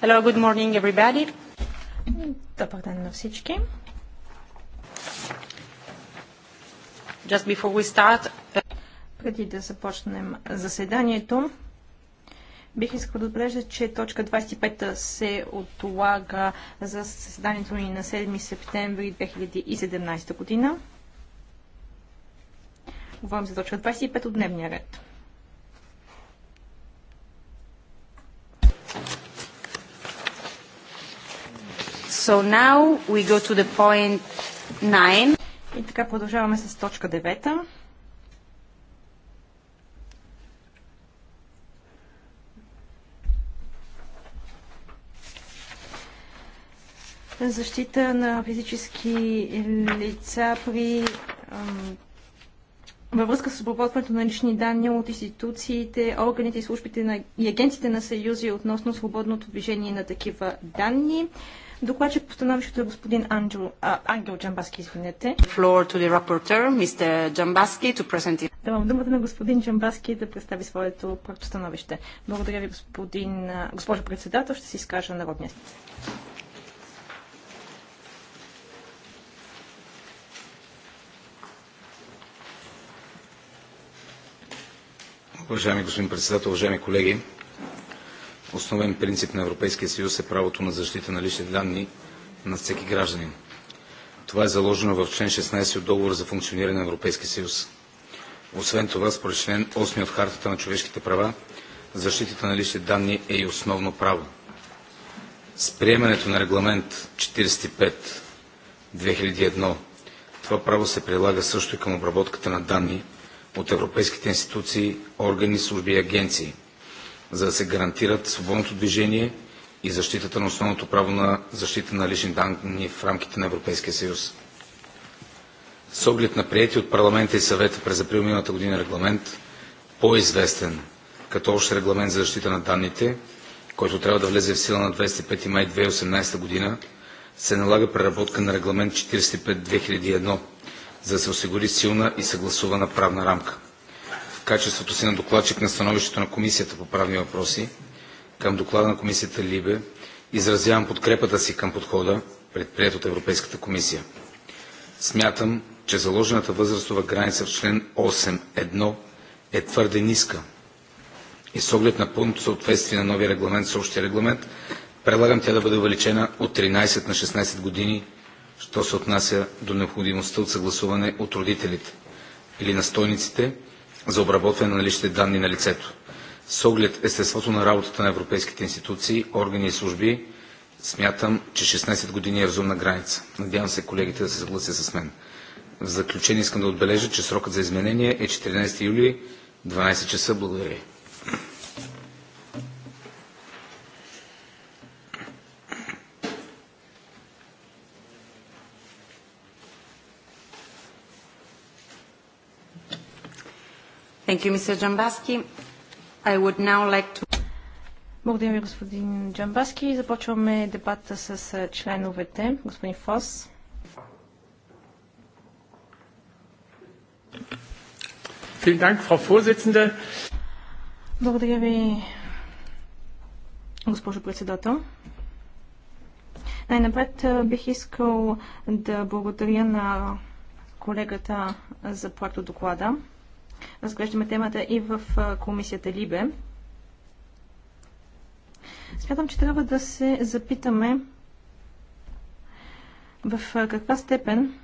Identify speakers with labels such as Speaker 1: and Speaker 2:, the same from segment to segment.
Speaker 1: Hello, good morning, everybody. Добър ден на всички. Just before we start... Uh, Преди да започнем заседанието, бих искал да отбележа, че точка 25 се отлага за заседанието ни на 7 септември 2017 година. Вам за точка 25 от дневния ред. So now we go to the point 9. И така продължаваме с точка 9. защита на физически лица при във връзка с обработването на лични данни от институциите, органите и службите на, и агенците на Съюзи относно свободното движение на такива данни. Докладчик по становището е господин Анджел, а, Ангел Джамбаски, извинете. it. Давам думата на господин Джамбаски да представи своето постановище. Благодаря ви, господин, госпожо председател. Ще си изкажа народния.
Speaker 2: Уважаеми господин председател, уважаеми колеги! Основен принцип на Европейския съюз е правото на защита на лични данни на всеки гражданин. Това е заложено в член 16 от Договора за функциониране на Европейския съюз. Освен това, според член 8 от Хартата на човешките права, защитата на лични данни е и основно право. С приемането на регламент 45-2001 това право се прилага също и към обработката на данни – от европейските институции, органи, служби и агенции, за да се гарантират свободното движение и защитата на основното право на защита на лични данни в рамките на Европейския съюз. С оглед на приети от парламента и съвета през април миналата година регламент, по-известен като общ регламент за защита на данните, който трябва да влезе в сила на 25 май 2018 година, се налага преработка на регламент 45-2001 за да се осигури силна и съгласувана правна рамка. В качеството си на докладчик на становището на Комисията по правни въпроси към доклада на Комисията Либе изразявам подкрепата си към подхода, предприят от Европейската комисия. Смятам, че заложената възрастова граница в член 8.1 е твърде ниска и с оглед на пълното съответствие на новия регламент с общия регламент, предлагам тя да бъде увеличена от 13 на 16 години що се отнася до необходимостта от съгласуване от родителите или настойниците за обработване на личните данни на лицето. С оглед естеството на работата на европейските институции, органи и служби, смятам, че 16 години е разумна граница. Надявам се колегите да се съгласят с мен. В заключение искам да отбележа, че срокът за изменение е 14 юли, 12 часа. Благодаря
Speaker 3: Thank you, Mr.
Speaker 1: I would now like to... Благодаря ви, господин Джамбаски. Започваме дебата с членовете. Господин Фос. Благодаря ви, госпожо председател. Най-напред бих искал да благодаря на колегата за проекта доклада. Разглеждаме темата и в комисията Либе. Смятам, че трябва да се запитаме в каква степен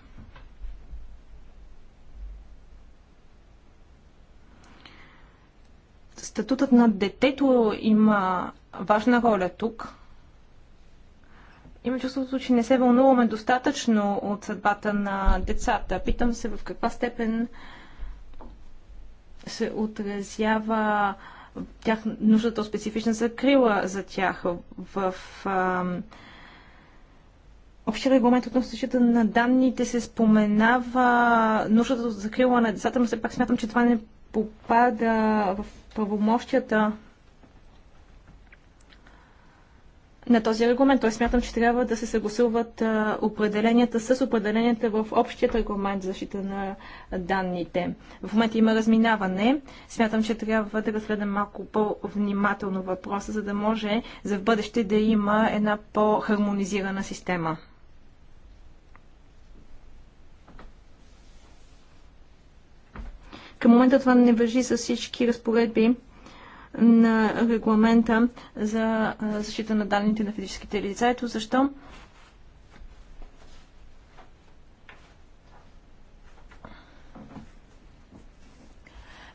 Speaker 1: статутът на детето има важна роля тук. Има чувството, че не се вълнуваме достатъчно от съдбата на децата. Питам се в каква степен се отразява тях, нуждата от специфична закрила за тях в а, Общия регламент относно защита на данните се споменава нуждата от закрила на децата, но все пак смятам, че това не попада в правомощията на този регламент. Той смятам, че трябва да се съгласуват определенията с определенията в общият регламент за защита на данните. В момента има разминаване. Смятам, че трябва да разгледам малко по-внимателно въпроса, за да може за в бъдеще да има една по-хармонизирана система. Към момента това не въжи за всички разпоредби на регламента за защита на данните на физическите лица. Ето защо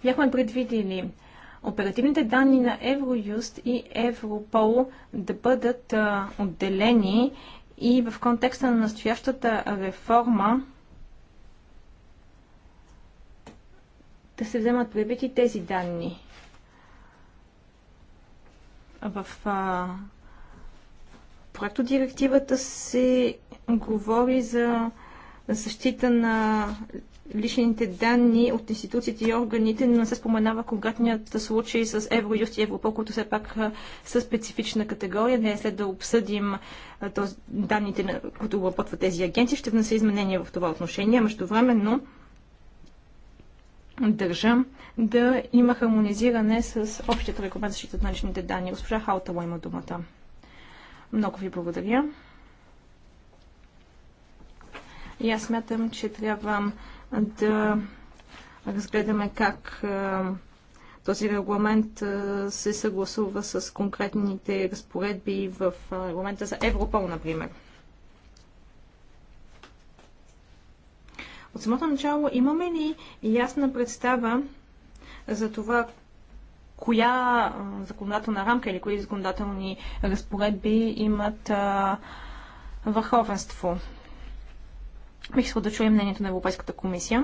Speaker 1: бяхме предвидили оперативните данни на Евроюст и Европол да бъдат отделени и в контекста на настоящата реформа да се вземат предвид и тези данни. В а, проекто директивата се говори за защита на личните данни от институциите и органите, но не се споменава конкретният случай с Евроюст и Европол, които все пак са специфична категория. Не е след да обсъдим този, данните, които обработват тези агенции. Ще внесе изменения в това отношение. Между времено, държа да има хармонизиране с общата регламент защита на личните данни. Госпожа Халтала има думата. Много ви благодаря. И аз смятам, че трябва да разгледаме как този регламент се съгласува с конкретните разпоредби в регламента за Европол, например. От самото начало имаме ли ясна представа за това, коя законодателна рамка или кои законодателни разпоредби имат а, върховенство? Бих искал да чуя мнението на Европейската комисия.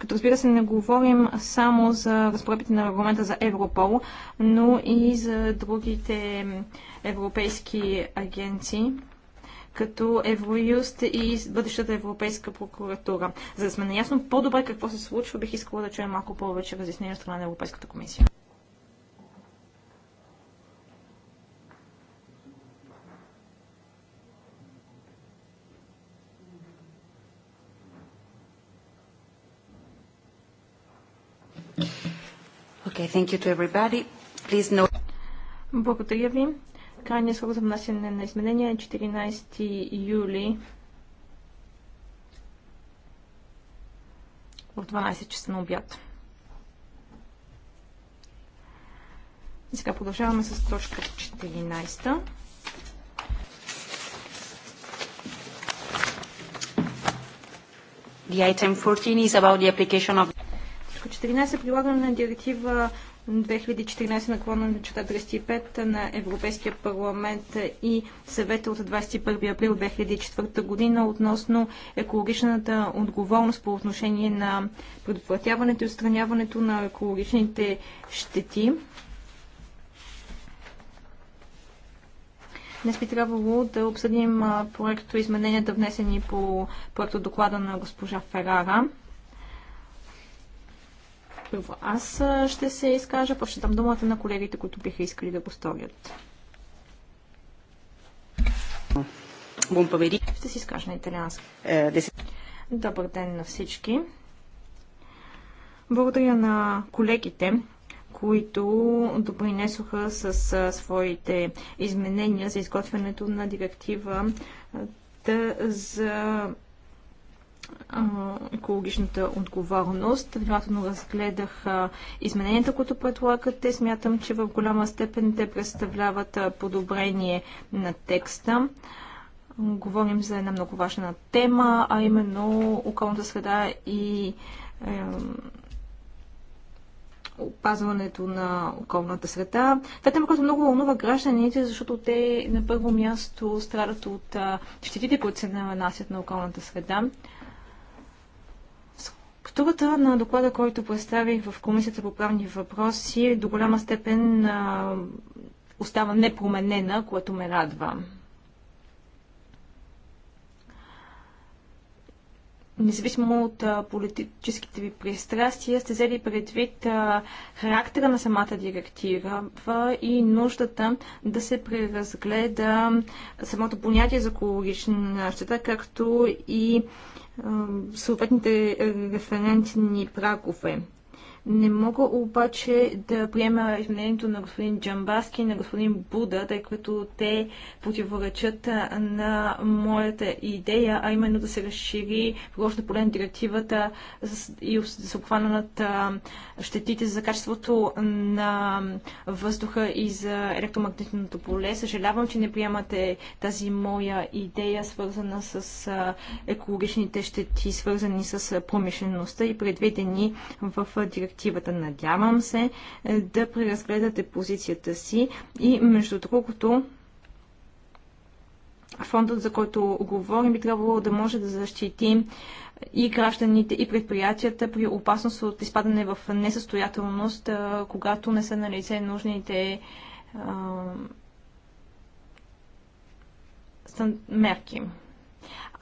Speaker 1: Като разбира се, не говорим само за разпоредбите на регламента за Европол, но и за другите европейски агенции като Евроюст и бъдещата Европейска прокуратура. За да сме наясно по-добре какво се случва, бих искала да чуем малко повече разяснения от страна на Европейската комисия.
Speaker 4: Okay,
Speaker 3: thank you to everybody. Please note...
Speaker 1: Благодаря ви. Крайният срок за внасяне на изменения е 14 юли в 12 часа на обяд. И сега продължаваме с точка 14. The item 14 is about the application of 14. Е Прилагане на директива 2014 наклона на чета 35 на Европейския парламент и съвета от 21 април 2004 година относно екологичната отговорност по отношение на предотвратяването и отстраняването на екологичните щети. Днес би трябвало да обсъдим проекто измененията, внесени по проекто доклада на госпожа Ферара. Първо аз ще се изкажа, после ще дам думата на колегите, които биха искали да поставят. Бумпавери, Ще си изкажа на италиански. Е, Добър ден на всички. Благодаря на колегите, които допринесоха с своите изменения за изготвянето на директива за екологичната отговорност. Внимателно разгледах измененията, които предлагате. Смятам, че в голяма степен те представляват подобрение на текста. Говорим за една много важна тема, а именно околната среда и опазването на околната среда. Това е тема, която много вълнува гражданите, защото те на първо място страдат от щетите, които се нанасят на околната среда. Структурата на доклада, който представих в Комисията по правни въпроси, до голяма степен а, остава непроменена, което ме радва. независимо от а, политическите ви пристрастия, сте взели предвид а, характера на самата директива и нуждата да се преразгледа самото понятие за екологична щета, както и съответните е, референтни прагове. Не мога обаче да приема изменението на господин Джамбаски и на господин Буда, тъй като те противоречат на моята идея, а именно да се разшири приложно поле на директивата и да се обхванат щетите за качеството на въздуха и за електромагнитното поле. Съжалявам, че не приемате тази моя идея, свързана с екологичните щети, свързани с промишлеността и предвидени в директивата перспективата. Надявам се е, да преразгледате позицията си и между другото фондът, за който говорим, би трябвало да може да защити е, и гражданите, и предприятията при опасност от изпадане в несъстоятелност, е, когато не са налице нужните мерки.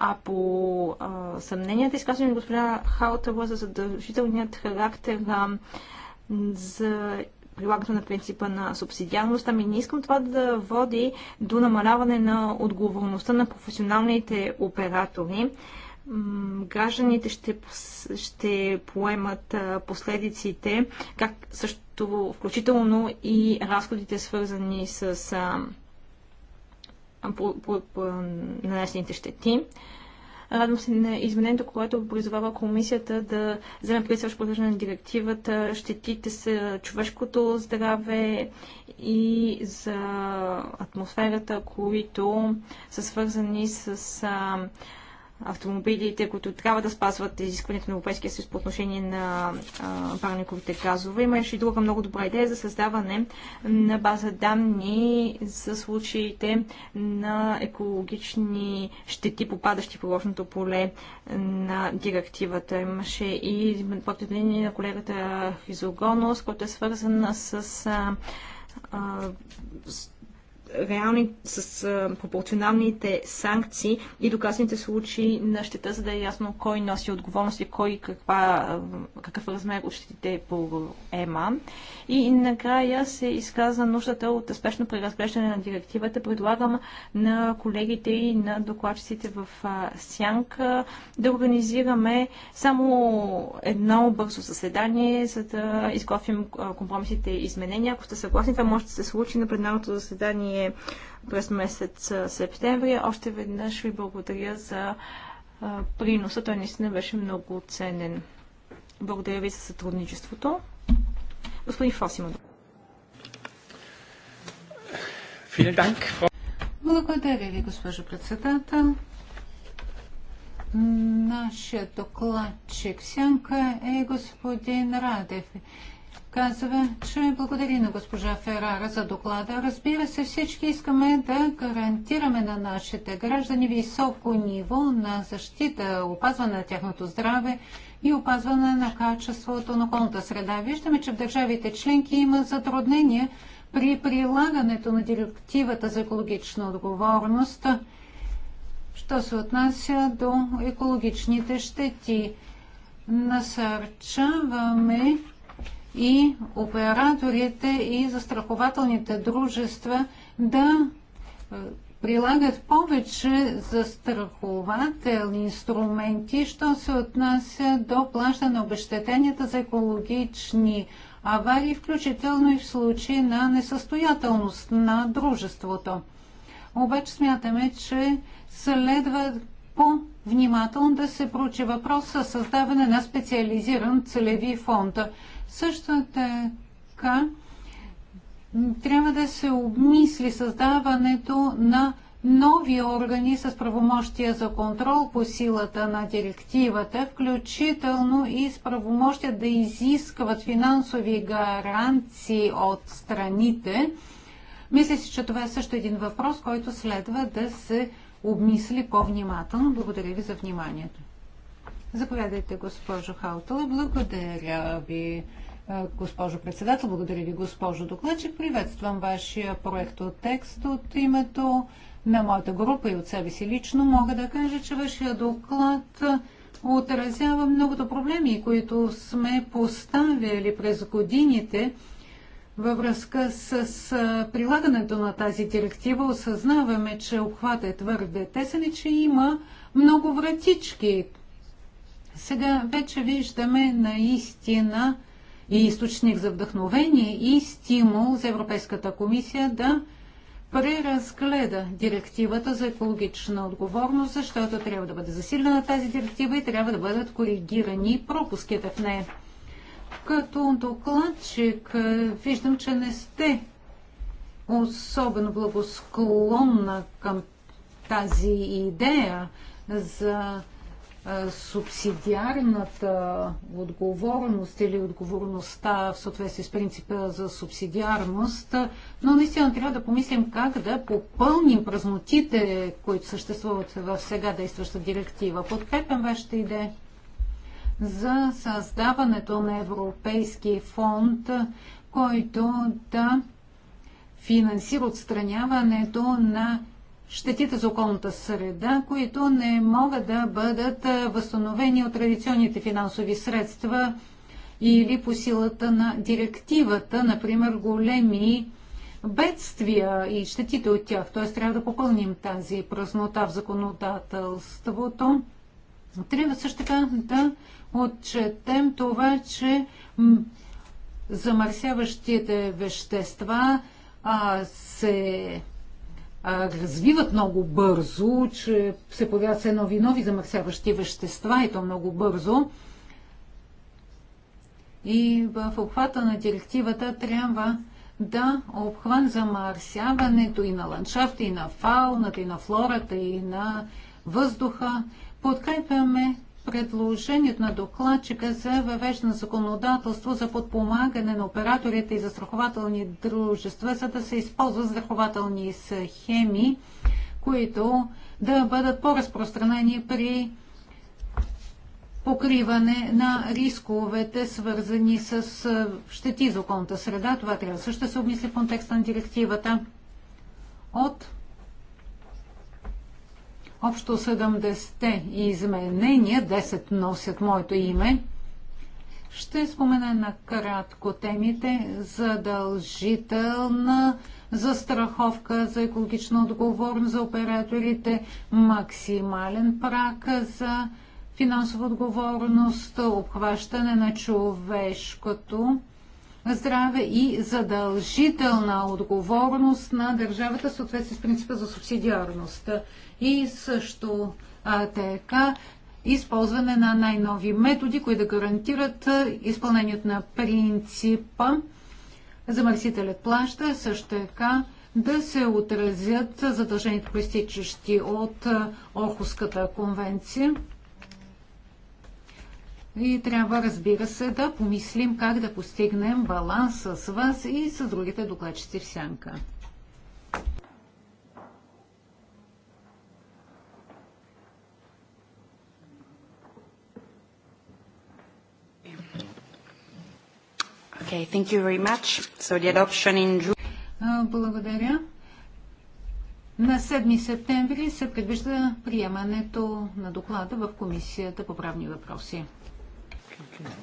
Speaker 1: А по а, съмненията, изказани от госпожа Халтова за задължителният характер на за прилагането на принципа на субсидиарност, ами не искам това да води до намаляване на отговорността на професионалните оператори. Гражданите ще, ще поемат последиците, как също включително и разходите свързани с нанесените щети. Радвам се на изменението, което призовава комисията да вземе при също на директивата. Щетите са човешкото здраве и за атмосферата, които са свързани с а, автомобилите, които трябва да спазват изискването на Европейския съюз по отношение на парниковите газове. Имаше и друга много добра идея за създаване на база данни за случаите на екологични щети, попадащи в лошното поле на директивата. Имаше и противление на колегата Хизогонос, който е свързан с а, а, с реални, с а, пропорционалните санкции и доказаните случаи на щета, за да е ясно кой носи отговорност и кой каква, какъв размер от щетите по ЕМА. И накрая се изказа нуждата от спешно преразглеждане на директивата. Предлагам на колегите и на докладчиците в Сянка да организираме само едно бързо заседание, за да изготвим компромисите и изменения. Ако сте съгласни, това може да се случи на пленарното заседание съобщение през месец септември. Още веднъж ви благодаря за приноса. Той наистина беше много ценен. Благодаря ви за сътрудничеството. Господин Фос има Благодаря
Speaker 3: ви, госпожо председател. Нашият докладчик сянка е господин Радев казва, че благодари на госпожа Ферара за доклада. Разбира се, всички искаме да гарантираме на нашите граждани високо ниво на защита, опазване на тяхното здраве и опазване на качеството на околната среда. Виждаме, че в държавите членки има затруднения при прилагането на директивата за екологична отговорност, що се отнася до екологичните щети. Насърчаваме и операторите и застрахователните дружества да е, прилагат повече застрахователни инструменти, що се отнася до плащане на обещетенията за екологични аварии, включително и в случай на несъстоятелност на дружеството. Обаче смятаме, че следва по-внимателно да се проучи въпрос за създаване на специализиран целеви фонд. Също така трябва да се обмисли създаването на нови органи с правомощия за контрол по силата на директивата, включително и с правомощия да изискват финансови гаранции от страните. Мисля си, че това е също един въпрос, който следва да се обмисли по-внимателно. Благодаря ви за вниманието. Заповядайте, госпожо Хаутала. Благодаря ви, госпожо председател. Благодаря ви, госпожо докладчик. Приветствам вашия проект от текст от името на моята група и от себе си лично. Мога да кажа, че вашия доклад отразява многото проблеми, които сме поставили през годините във връзка с прилагането на тази директива. Осъзнаваме, че обхватът е твърде тесен и че има много вратички, сега вече виждаме наистина и източник за вдъхновение и стимул за Европейската комисия да преразгледа директивата за екологична отговорност, защото трябва да бъде засилена тази директива и трябва да бъдат коригирани пропуските в нея. Като докладчик е, виждам, че не сте особено благосклонна към тази идея за субсидиарната отговорност или отговорността в съответствие с принципа за субсидиарност, но наистина трябва да помислим как да попълним празнотите, които съществуват в сега действаща директива. Подкрепям вашата идея за създаването на Европейски фонд, който да финансира отстраняването на щетите за околната среда, които не могат да бъдат възстановени от традиционните финансови средства или по силата на директивата, например големи бедствия и щетите от тях. Т.е. трябва да попълним тази празнота в законодателството. Трябва също така да отчетем това, че замърсяващите вещества а, се развиват много бързо, че се появяват все нови и нови замърсяващи вещества и то много бързо. И в обхвата на директивата трябва да обхван замърсяването и на ландшафта, и на фауната, и на флората, и на въздуха. Подкрепяме предложението на докладчика за въвеждане законодателство за подпомагане на операторите и застрахователни дружества, за да се използват застрахователни схеми, които да бъдат по-разпространени при покриване на рисковете, свързани с щети за околната среда. Това трябва също да се обмисли в контекста на директивата. От общо 70 изменения, 10 носят моето име. Ще спомена накратко темите задължителна застраховка за екологична отговорност за операторите, максимален прак за финансова отговорност, обхващане на човешкото здраве и задължителна отговорност на държавата в съответствие с принципа за субсидиарност. И също а, така използване на най-нови методи, които да гарантират изпълнението на принципа замърсителят плаща, също така да се отразят задълженията, проистичащи от Орхуската конвенция. И трябва, разбира се, да помислим как да постигнем баланс с вас и с другите докладчици в сянка. Okay, thank you very much. So the adoption in June... Благодаря. На 7 септември се предвижда приемането на доклада в Комисията по правни въпроси. Bergeron.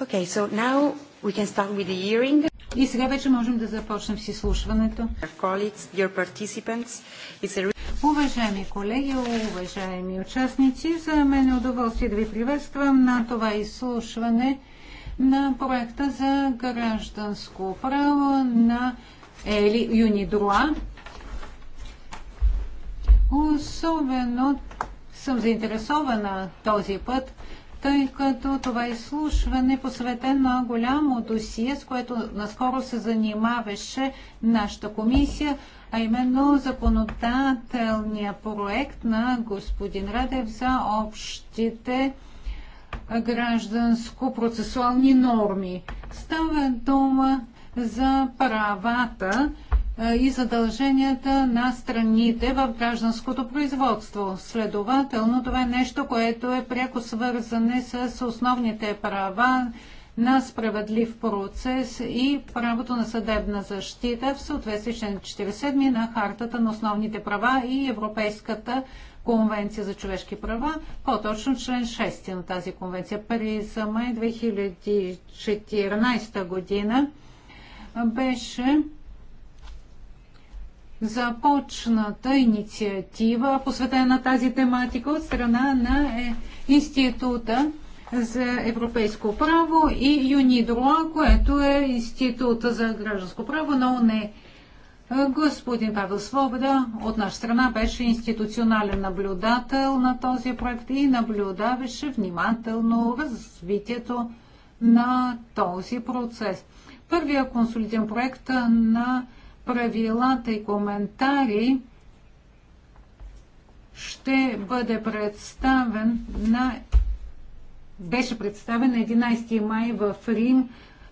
Speaker 3: Okay, so now we can start with the hearing. И сега вече можем да започнем с изслушването. Уважаеми колеги, уважаеми участници, за мен е удоволствие да ви приветствам на това изслушване на проекта за гражданско право на Ели Юнидруа. Особено съм заинтересована този път тъй като това изслушване е посветено на голямо досие, с което наскоро се занимаваше нашата комисия, а именно законодателния проект на господин Радев за общите гражданско-процесуални норми. Става дума за правата и задълженията на страните в гражданското производство. Следователно, това е нещо, което е пряко свързане с основните права на справедлив процес и правото на съдебна защита в съответствие с член 47 на Хартата на основните права и Европейската конвенция за човешки права, по-точно член 6 на тази конвенция. През май 2014 година беше започната инициатива, посветена на тази тематика от страна на е, Института за европейско право и ЮНИДРОА, което е Института за гражданско право на не Господин Павел Свобода от наша страна беше институционален наблюдател на този проект и наблюдаваше внимателно развитието на този процес. Първия консолиден проект на правилата и коментари ще бъде представен на беше представен на 11 май в Рим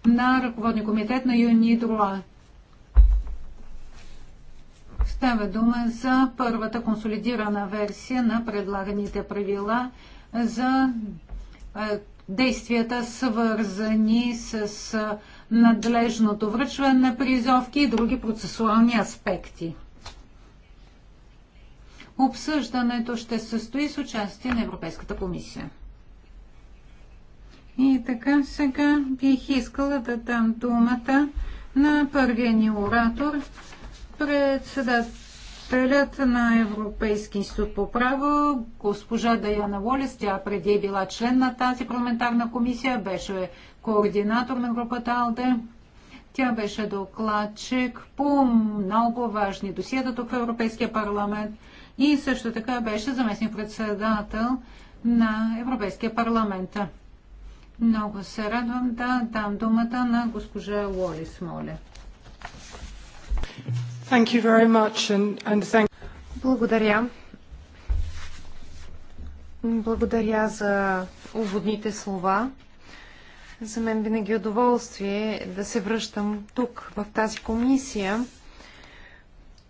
Speaker 3: на ръководния комитет на Юни Друа. Става дума за първата консолидирана версия на предлаганите правила за е, действията, свързани с е, надлежното връчване на призовки и други процесуални аспекти. Обсъждането ще се състои с участие на Европейската комисия. И така сега бих искала да дам думата на първия ни оратор, председателят на Европейски институт по право, госпожа Даяна Волес. Тя преди е била член на тази парламентарна комисия, беше координатор на групата АЛДЕ. Тя беше докладчик по много важни досиета тук в Европейския парламент и също така беше заместник председател на Европейския парламент. Много се радвам да дам думата на госпожа Лолис, моля. Thank you very much and, and thank... Благодаря. Благодаря за уводните слова. За мен винаги е удоволствие да се връщам тук, в тази комисия,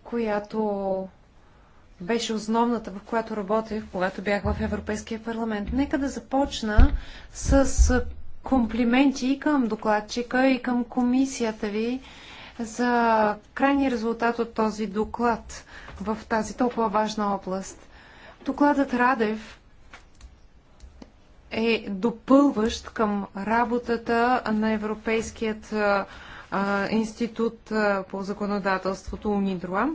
Speaker 3: която беше основната, в която работех, когато бях в Европейския парламент. Нека да започна с комплименти към докладчика и към комисията ви за крайния резултат от този доклад в тази толкова важна област. Докладът Радев е допълващ към работата на Европейският а, институт а, по законодателството УНИДРОА.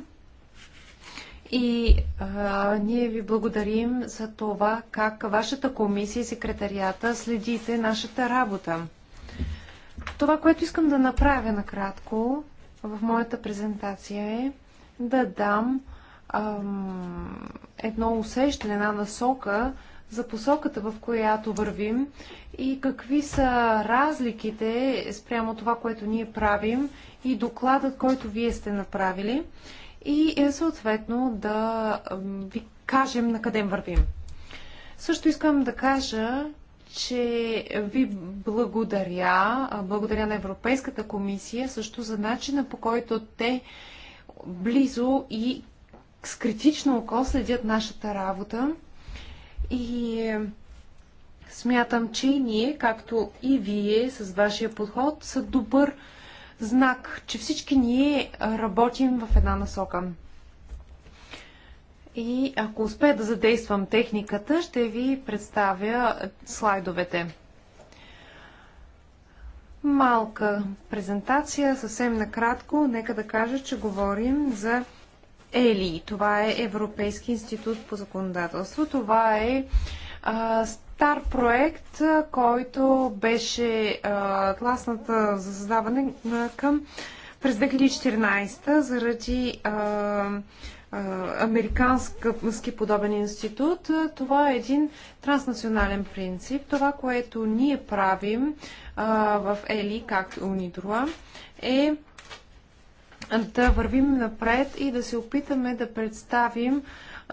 Speaker 3: И а, ние ви благодарим за това как вашата комисия и секретарията следите нашата работа. Това, което искам да направя накратко в моята презентация е да дам ам, едно усещане, една насока за посоката, в която вървим и какви са разликите спрямо това, което ние правим и докладът, който вие сте направили и е съответно да ви кажем на къде вървим. Също искам да кажа, че ви благодаря, благодаря на Европейската комисия също за начина по който те близо и с критично око следят нашата работа. И е, смятам, че и ние, както и вие с вашия подход, са добър знак, че всички ние работим в една насока. И ако успея да задействам техниката, ще ви представя слайдовете. Малка презентация, съвсем накратко. Нека да кажа, че говорим за ЕЛИ. Това е Европейски институт по законодателство. Това е а, стар проект, който беше а, класната за създаване на, към през 2014 заради а, американски подобен институт. Това е един транснационален принцип. Това, което ние правим а, в ЕЛИ, както и Унидруа, е да вървим напред и да се опитаме да представим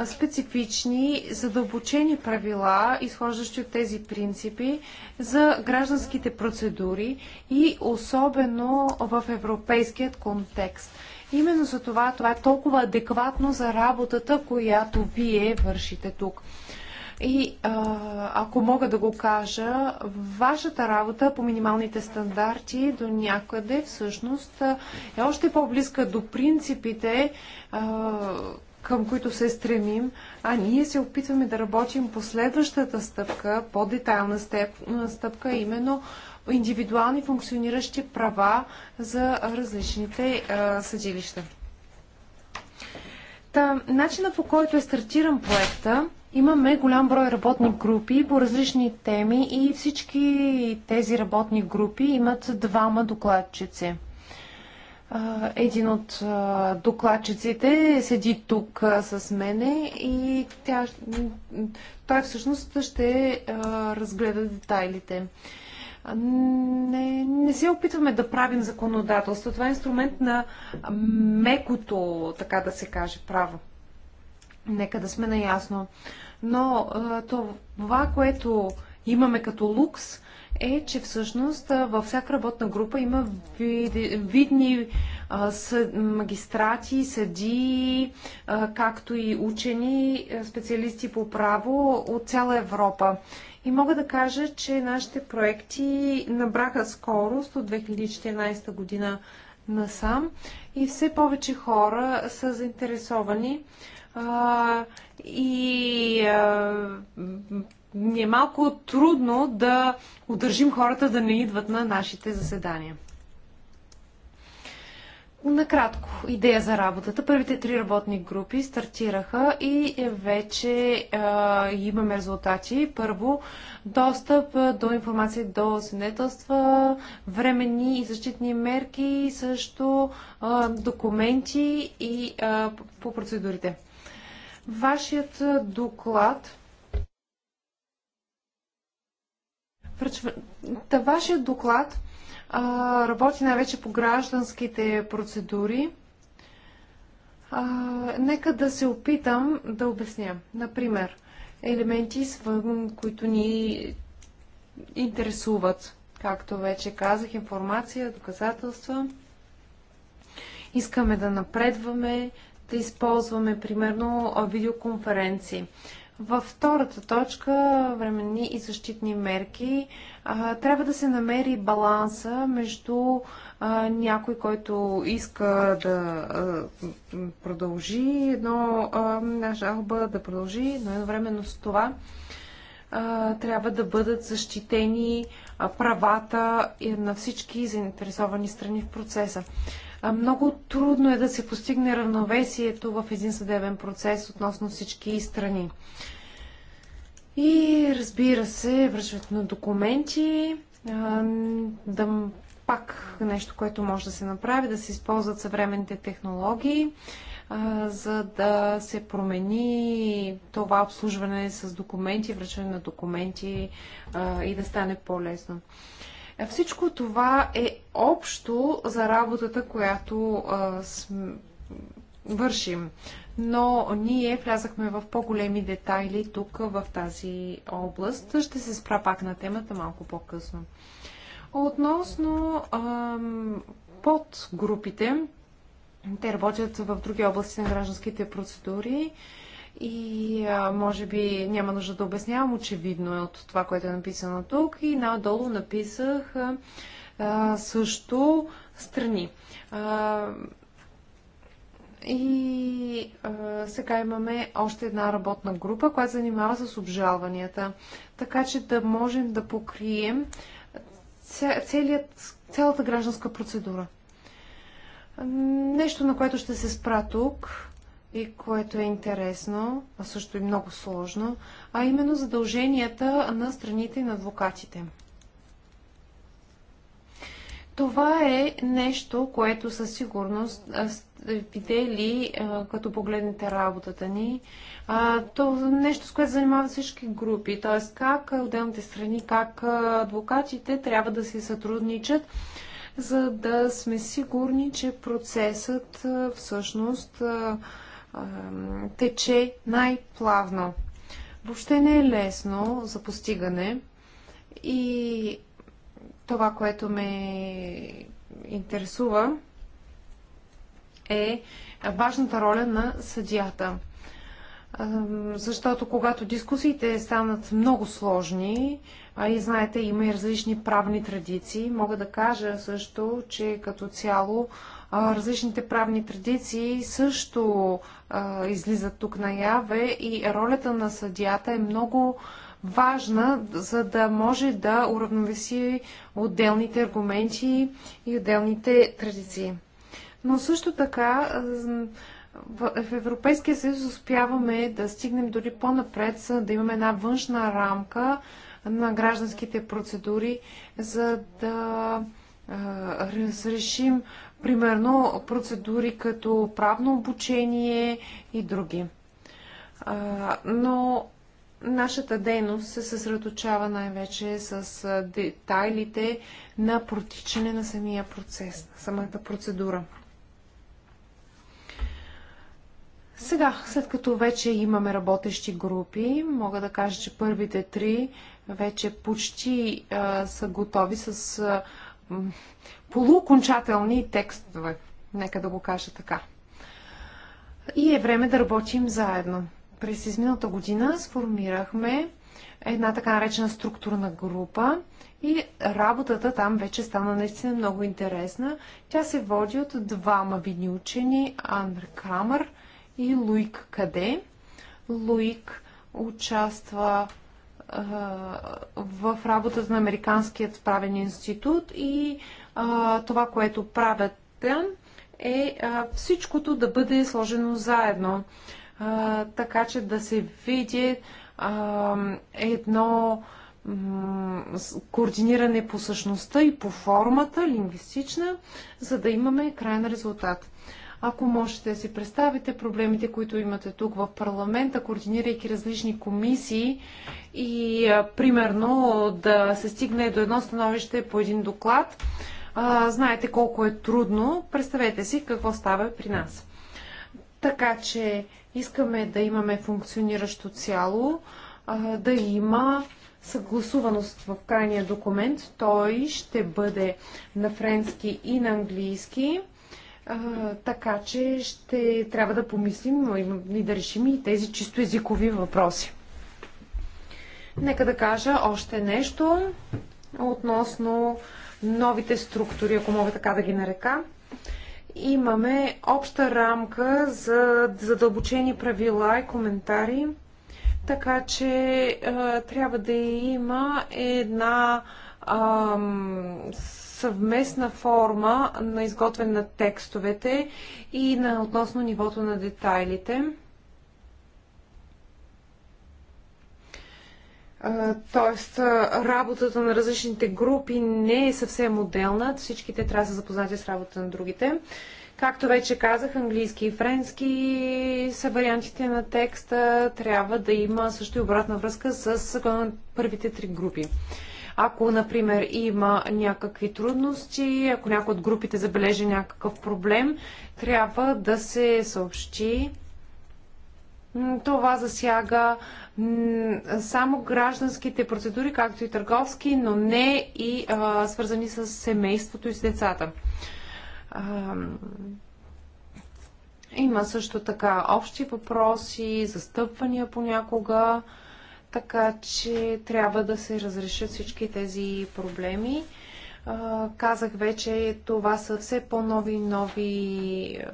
Speaker 3: специфични, задълбочени правила, изхождащи от тези принципи за гражданските процедури и особено в европейският контекст. Именно за това това е толкова адекватно за работата, която вие вършите тук. И а, ако мога да го кажа, вашата работа по минималните стандарти до някъде всъщност е още по-близка до принципите, а, към които се стремим, а ние се опитваме да работим по следващата стъпка, по-детайлна стъпка, именно индивидуални функциониращи права за различните а, съдилища. Та, начина по който е стартиран проекта Имаме голям брой работни групи по различни теми и всички тези работни групи имат двама докладчици. Един от докладчиците седи тук с мене и тя, той всъщност ще разгледа детайлите. Не, не се опитваме да правим законодателство. Това е инструмент на мекото, така да се каже, право. Нека да сме наясно. Но това, което имаме като лукс, е, че всъщност във всяка работна група има видни магистрати, съдии, както и учени, специалисти по право от цяла Европа. И мога да кажа, че нашите проекти набраха скорост от 2014 година насам и все повече хора са заинтересовани а, и а, ни е малко трудно да удържим хората да не идват на нашите заседания. Накратко, идея за работата. Първите три работни групи стартираха и вече е, имаме резултати. Първо, достъп до информация до свидетелства, времени и защитни мерки, също е, документи и е, по процедурите. Вашият доклад Та вашият доклад а, работи най-вече по гражданските процедури. А, нека да се опитам да обясня. Например, елементи, свън, които ни интересуват, както вече казах, информация, доказателства. Искаме да напредваме, да използваме, примерно, видеоконференции. Във втората точка, временни и защитни мерки, трябва да се намери баланса между някой, който иска да продължи едно жалба, да продължи, но едновременно с това трябва да бъдат защитени правата на всички заинтересовани страни в процеса. Много трудно е да се постигне равновесието в един съдебен процес относно всички страни. И разбира се, връщането на документи, да пак нещо, което може да се направи, да се използват съвременните технологии, за да се промени това обслужване с документи, връщане на документи и да стане по-лесно. Е, всичко това е общо за работата, която а, с... вършим. Но ние влязахме в по-големи детайли тук в тази област. Ще се спра пак на темата малко по-късно. Относно под подгрупите, те работят в други области на гражданските процедури. И а, може би няма нужда да обяснявам, очевидно е от това, което е написано тук. И надолу написах а, също страни. А, и а, сега имаме още една работна група, която занимава с обжалванията, така че да можем да покрием целият, цялата гражданска процедура. Нещо, на което ще се спра тук, и което е интересно, а също и много сложно, а именно задълженията на страните и на адвокатите. Това е нещо, което със сигурност е, видели, като погледнете работата ни. То нещо, с което занимават всички групи, т.е. как отделните страни, как адвокатите трябва да се сътрудничат, за да сме сигурни, че процесът всъщност тече най-плавно. Въобще не е лесно за постигане и това, което ме интересува е важната роля на съдията. Защото когато дискусиите станат много сложни, а и знаете, има и различни правни традиции, мога да кажа също, че като цяло различните правни традиции също излизат тук наяве и ролята на съдията е много важна, за да може да уравновеси отделните аргументи и отделните традиции. Но също така в Европейския съюз успяваме да стигнем дори по-напред, за да имаме една външна рамка на гражданските процедури, за да разрешим примерно процедури като правно обучение и други. Но нашата дейност се съсредоточава най-вече с детайлите на протичане на самия процес, на самата процедура. Сега, след като вече имаме работещи групи, мога да кажа, че първите три вече почти а, са готови с а, полуокончателни текстове. Нека да го кажа така. И е време да работим заедно. През изминалата година сформирахме една така наречена структурна група и работата там вече стана наистина много интересна. Тя се води от двама видни учени, Андр Крамър и Луик Каде. Луик участва в работата на Американският правен институт и а, това, което правят е а, всичкото да бъде сложено заедно. А, така че да се види а, едно координиране по същността и по формата, лингвистична, за да имаме крайен резултат. Ако можете да си представите проблемите, които имате тук в парламента, координирайки различни комисии и примерно да се стигне до едно становище по един доклад, а, знаете колко е трудно. Представете си какво става при нас. Така че искаме да имаме функциониращо цяло, а, да има съгласуваност в крайния документ. Той ще бъде на френски и на английски. А, така че ще трябва да помислим и да решим и тези чисто езикови въпроси. Нека да кажа още нещо относно новите структури, ако мога така да ги нарека. Имаме обща рамка за задълбочени правила и коментари, така че е, трябва да има една е, съвместна форма на изготвяне на текстовете и на, относно нивото на детайлите. Тоест, работата на различните групи не е съвсем отделна. Всичките трябва да се запознати с работата на другите. Както вече казах, английски и френски са вариантите на текста. Трябва да има също и обратна връзка с първите три групи. Ако, например, има някакви трудности, ако някой от групите забележи някакъв проблем, трябва да се съобщи това засяга само гражданските процедури, както и търговски, но не и а, свързани с семейството и с децата. А, има също така общи въпроси, застъпвания понякога, така че трябва да се разрешат всички тези проблеми. А, казах вече, това са все по-нови и нови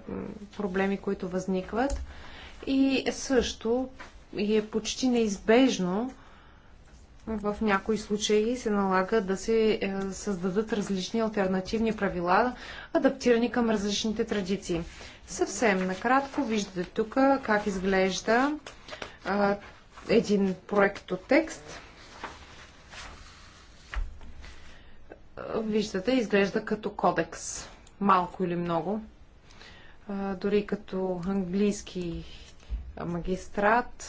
Speaker 3: проблеми, които възникват и също е почти неизбежно в някои случаи се налага да се е, създадат различни альтернативни правила, адаптирани към различните традиции. Съвсем накратко виждате тук как изглежда а, един проектотекст. Виждате, изглежда като кодекс. Малко или много. А, дори като английски магистрат,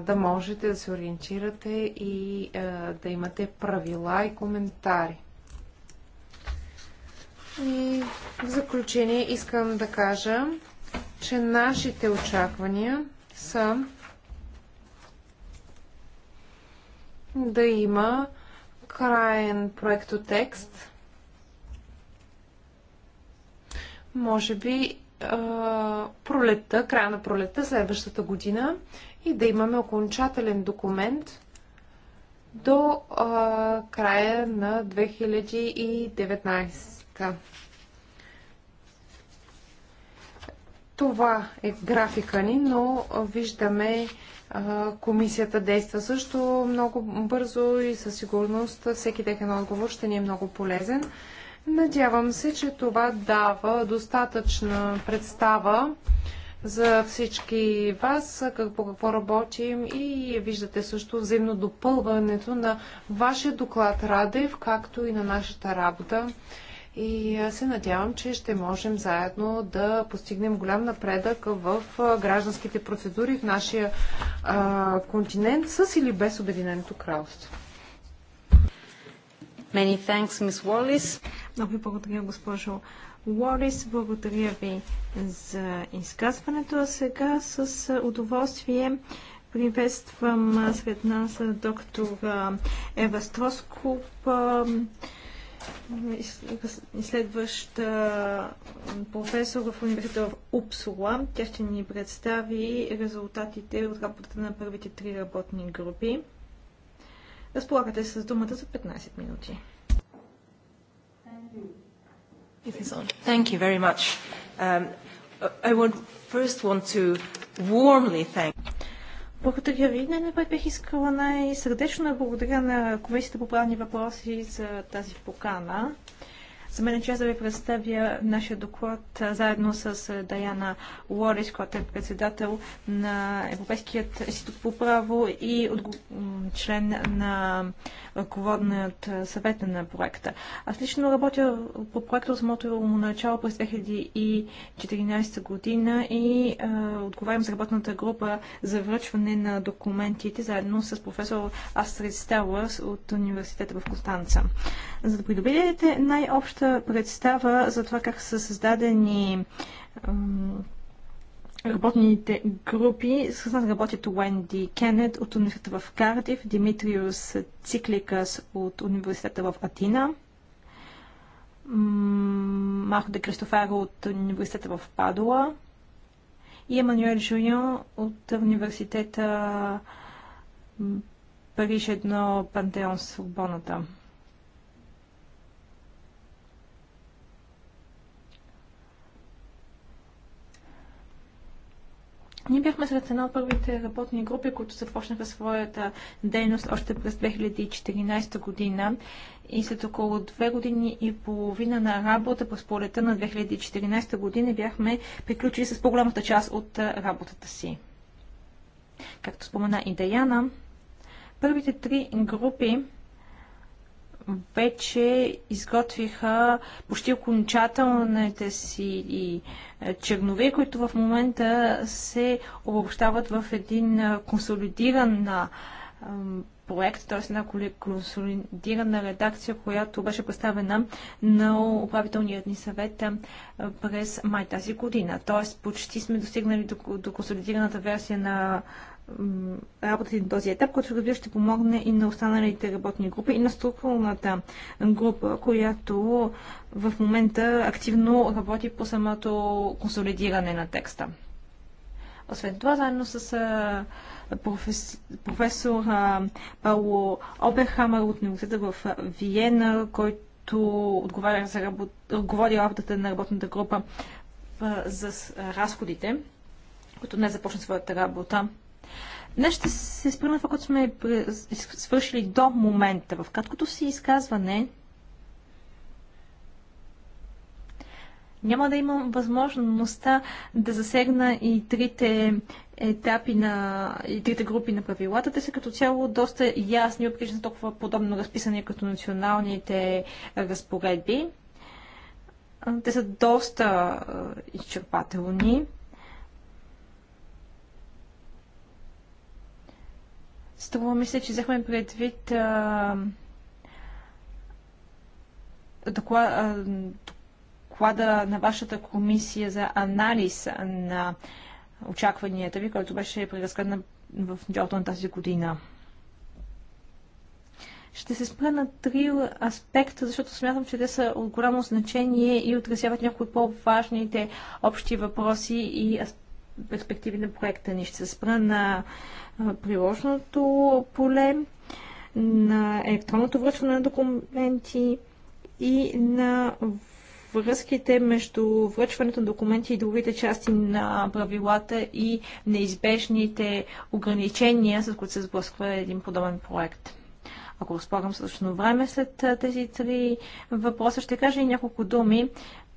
Speaker 3: да можете да се ориентирате и да имате правила и коментари. И в заключение искам да кажа, че нашите очаквания са да има краен проектотекст. Може би пролетта, края на пролетта, следващата година и да имаме окончателен документ до а, края на 2019. Това е графика ни, но виждаме а, комисията действа също много бързо и със сигурност всеки техен отговор ще ни е много полезен. Надявам се, че това дава достатъчна представа за всички вас, какво, какво работим и виждате също взаимно допълването на вашия доклад Радев, както и на нашата работа. И се надявам, че ще можем заедно да постигнем голям напредък в гражданските процедури в нашия а, континент с или без Обединеното кралство.
Speaker 1: Many thanks, Wallis. Много ви благодаря, госпожо Уорис. Благодаря ви за изказването. А сега с удоволствие приветствам сред нас доктор Ева Строскоп, изследваща професор в университета в Упсула. Тя ще ни представи резултатите от работата на първите три работни групи. Разполагате с думата за 15 минути. Thank you very much. Um, I would first want to warmly thank благодаря ви. Най-напред бих искала най-сърдечно да благодаря на Комисията по правни въпроси за тази покана. За мен е чест да ви представя нашия доклад заедно с Даяна Уорис, която е председател на Европейският институт по право и член на ръководният съвет на проекта. Аз лично работя по проекта от самото му начало през 2014 година и а, отговарям с работната група за връчване на документите заедно с професор Астрид Стелърс от университета в Костанца. За да придобиете най-обща представа за това как са създадени работните групи. С нас работят Уенди Кенет от университета в Кардив, Димитриус Цикликас от университета в Атина, Марко де Кристофаро от университета в Падуа и Емануел Жуйон от университета Париж 1 Пантеон Сорбоната. Ние бяхме сред една от първите работни групи, които започнаха своята дейност още през 2014 година и след около две години и половина на работа през полета на 2014 година бяхме приключили с по-голямата част от работата си. Както спомена и Даяна, първите три групи вече изготвиха почти окончателните си и е, чернове, които в момента се обобщават в един е, консолидиран е, проект, т.е. една консолидирана редакция, която беше представена на управителният ни съвет през май тази година. Т.е. почти сме достигнали до, до консолидираната версия на работата на този етап, който разбира ще помогне и на останалите работни групи и на структурната група, която в момента активно работи по самото консолидиране на текста. Освен това, заедно с професор Пауло Оберхамер от университета в Виена, който отговаря за работ... отговори работата на работната група за разходите, който днес започна своята работа Днес ще се спра на това, което сме свършили до момента. В краткото си изказване няма да имам възможността да засегна и трите етапи на и трите групи на правилата. Те са като цяло доста ясни, въпреки са толкова подобно разписани като националните разпоредби. Те са доста изчерпателни. Струва ми се, че взехме предвид а, а, доклада на вашата комисия за анализ на очакванията ви, който беше преразгледан в началото на тази година. Ще се спра на три аспекта, защото смятам, че те са от голямо значение и отразяват някои по-важните общи въпроси и аспекти перспективи на проекта ни. Ще се спра на приложното поле, на електронното връчване на документи и на връзките между връчването на документи и другите части на правилата и неизбежните ограничения, с които се сблъсква един подобен проект. Ако разполагам същото време след тези три въпроса, ще кажа и няколко думи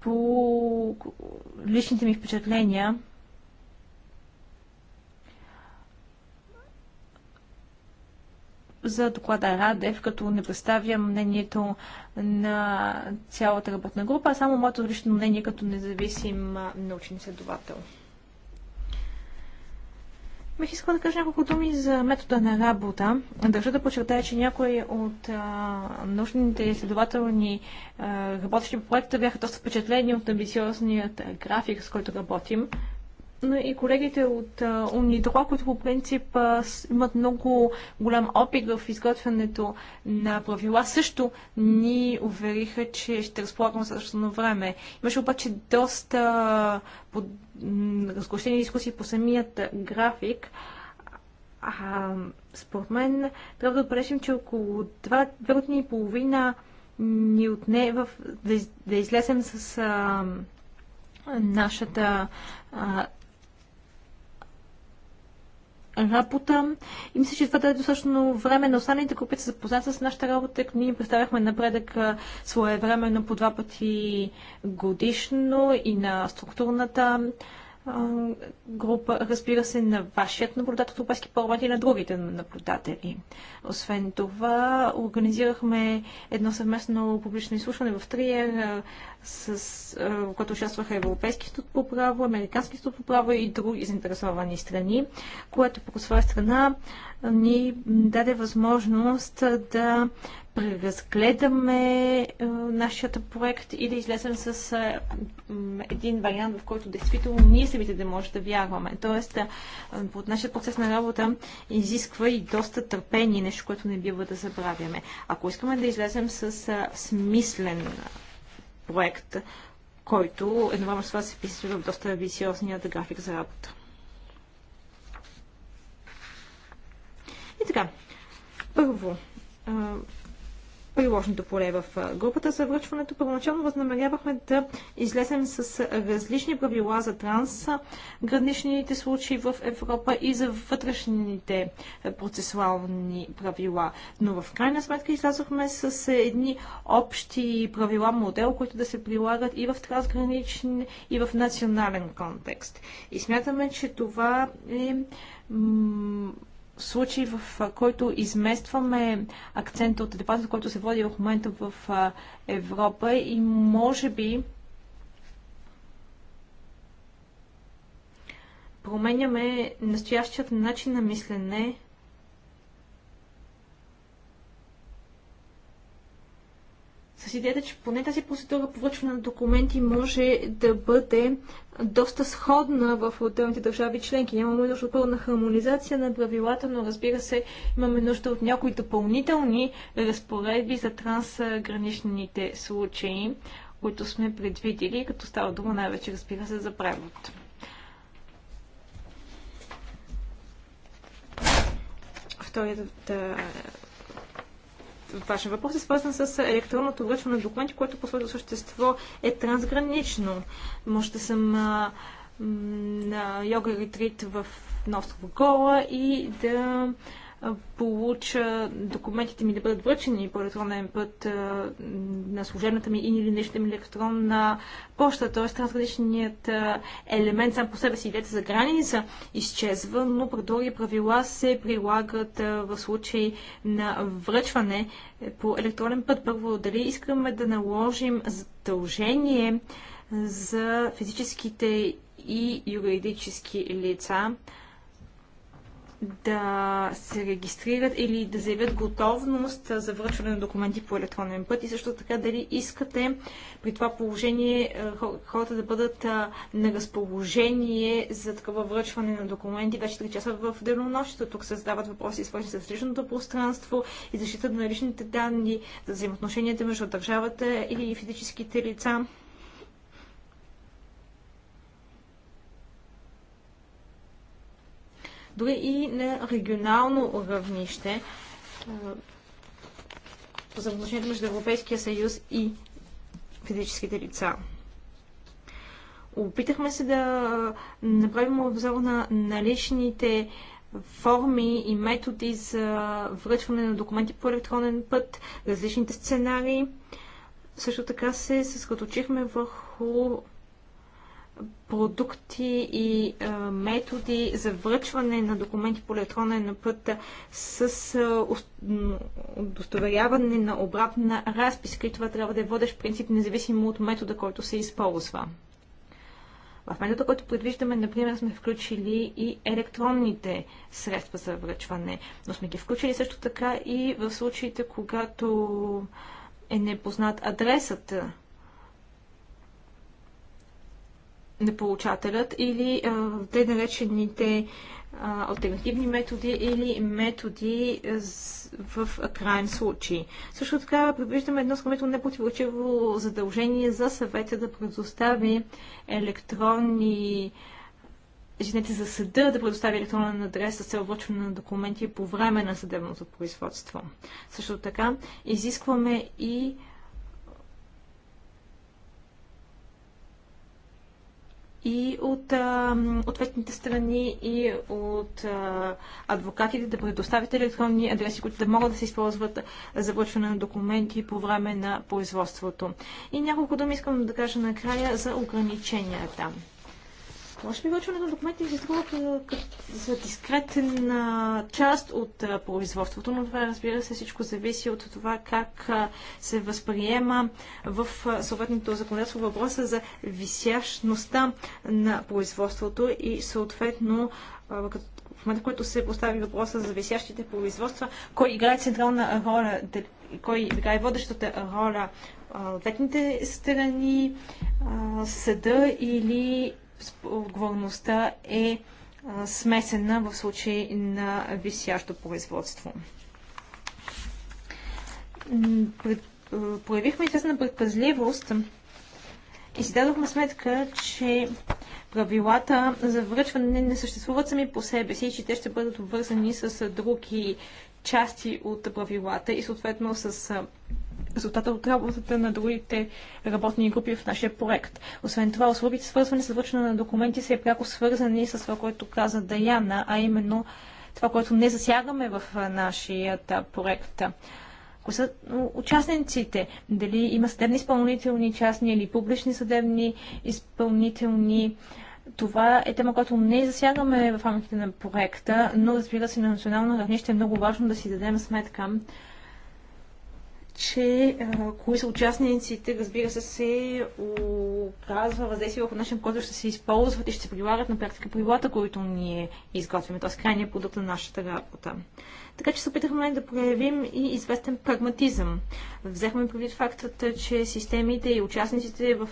Speaker 1: по личните ми впечатления за доклада Радев, като не представя мнението на цялата работна група, а само моето лично мнение като независим научен следовател. Бих искала да кажа няколко думи за метода на работа. Държа да подчертая, че някои от а, научните изследователни работещи по проекта бяха доста впечатлени от амбициозният график, с който работим но и колегите от Унидро, които по принцип имат много голям опит в изготвянето на правила, също ни увериха, че ще разполагаме същото време. Имаше обаче доста разглашени дискусии по самият график. А, според мен трябва да отбележим, че около 2 години и половина ни отне в, да, да излезем с а, нашата а, работа. И мисля, че това даде достатъчно време на останалите групи да се запознат с нашата работа, тъй като ние представяхме напредък своевременно по два пъти годишно и на структурната група, разбира се, на вашият наблюдател в Европейски парламент и на другите наблюдатели. Освен това, организирахме едно съвместно публично изслушване в Триер с, а, което участваха Европейски институт по право, Американски институт по право и други заинтересовани страни, което по своя страна ни даде възможност да преразгледаме нашата проект и да излезем с един вариант, в който действително ние самите да може да вярваме. Тоест, под нашия процес на работа изисква и доста търпение, нещо, което не бива да забравяме. Ако искаме да излезем с смислен проект, който едновременно с това се вписва в доста амбициозният график за работа. И така, първо, приложното поле в групата за връчването. Първоначално възнамерявахме да излезем с различни правила за трансграничните случаи в Европа и за вътрешните процесуални правила. Но в крайна сметка излязохме с едни общи правила, модел, които да се прилагат и в трансграничен, и в национален контекст. И смятаме, че това е случай, в който изместваме акцента от дебата, който се води в момента в Европа и може би променяме настоящият начин на мислене с идеята, че поне тази процедура по връчване на документи може да бъде доста сходна в отделните държави членки. Нямаме нужда от пълна хармонизация на правилата, но разбира се, имаме нужда от някои допълнителни разпоредби за трансграничните случаи, които сме предвидили, като става дума най-вече, разбира се, за превод. Вторият важен въпрос е свързан с електронното връчване на документи, което по своето същество е трансгранично. Може да съм а, на йога ретрит в на Гола и да получа документите ми да бъдат връчени по електронен път на служебната ми или днешната ми електронна почта, т.е. трансграничният елемент сам по себе си идете за граница изчезва, но при други правила се прилагат в случай на връчване по електронен път. Първо, дали искаме да наложим задължение за физическите и юридически лица, да се регистрират или да заявят готовност за връчване на документи по електронен път и също така дали искате при това положение е, хората да бъдат е, на разположение за такова връчване на документи вече 3 часа в денонощите. Тук се задават въпроси свързани с личното пространство и защита на личните данни за взаимоотношенията между държавата или физическите лица. дори и на регионално равнище за отношението между Европейския съюз и физическите лица. Опитахме се да направим обзор на наличните форми и методи за връчване на документи по електронен път, различните сценарии. Също така се съсредоточихме върху продукти и а, методи за връчване на документи по електронен път с а, удостоверяване на обратна разписка и това трябва да е водещ принцип, независимо от метода, който се използва. В метода, който предвиждаме, например, сме включили и електронните средства за връчване, но сме ги включили също така и в случаите, когато е непознат адресът на получателят или те наречените альтернативни методи или методи в крайен случай. Също така предвиждаме едно сравнително непротиворечиво задължение за съвета да предостави електронни жените за съда да предостави електронен адрес с цел връчване на документи по време на съдебното производство. Също така изискваме и и от а, ответните страни и от а, адвокатите да предоставят електронни адреси, които да могат да се използват за връчване на документи по време на производството. И няколко думи искам да кажа накрая за ограниченията. Може би вече на документи се за е, дискретна част от производството, но това разбира се всичко зависи от това как се възприема в съответното законодателство въпроса за висящността на производството и съответно в момента, който се постави въпроса за висящите производства, кой играе централна роля, кой играе водещата роля, ответните страни, съда или отговорността е смесена в случай на висящо производство. проявихме известна предпазливост и си дадохме сметка, че правилата за връчване не съществуват сами по себе си, че те ще бъдат обвързани с други части от правилата и съответно с резултата от работата на другите работни групи в нашия проект. Освен това, услугите свързване с връчване на документи са е пряко свързани с това, което каза Даяна, а именно това, което не засягаме в нашия проект. Ако са участниците, дали има съдебни изпълнителни, частни или публични съдебни изпълнителни, това е тема, която не засягаме в рамките на проекта, но разбира се на национално равнище е много важно да си дадем сметка че а, кои са участниците, разбира се, се оказва въздействие върху начин, който ще се използват и ще се прилагат на практика правилата, които ние изготвяме, т.е. крайния е продукт на нашата работа. Така че се опитахме да проявим и известен прагматизъм. Взехме предвид фактът, че системите и участниците в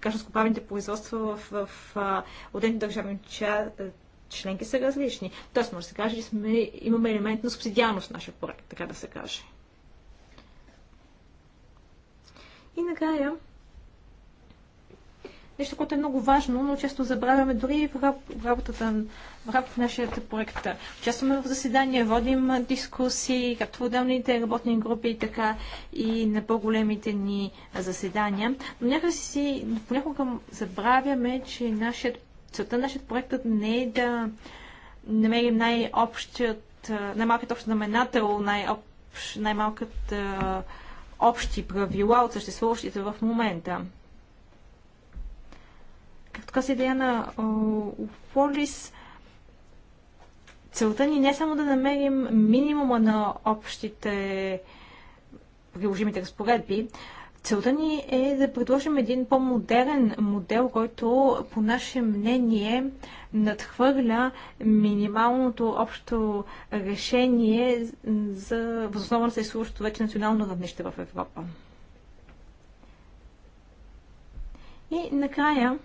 Speaker 1: гражданско-правните производства в, в, в отделни държавни членки са различни. Тоест, може да се каже, че сме, имаме елемент на субсидиарност в нашия проект, така да се каже. И накрая, нещо, което е много важно, но често забравяме дори в работата, в рамките на нашия проект. Участваме в заседания, водим дискусии, както в отделните работни групи, така и на по-големите ни заседания. Но някакси си, понякога забравяме, че нашият Целта на нашия проект не е да намерим най-общият, най-малкият общ знаменател, най-общ, най-малкият общи правила от съществуващите в момента. Както каза идея на Уфолис, целта ни е не е само да намерим минимума на общите приложимите разпоредби, Целта ни е да предложим един по-модерен модел, който по наше мнение надхвърля минималното общо решение за възоснова на съществуващото вече национално равнище в Европа. И накрая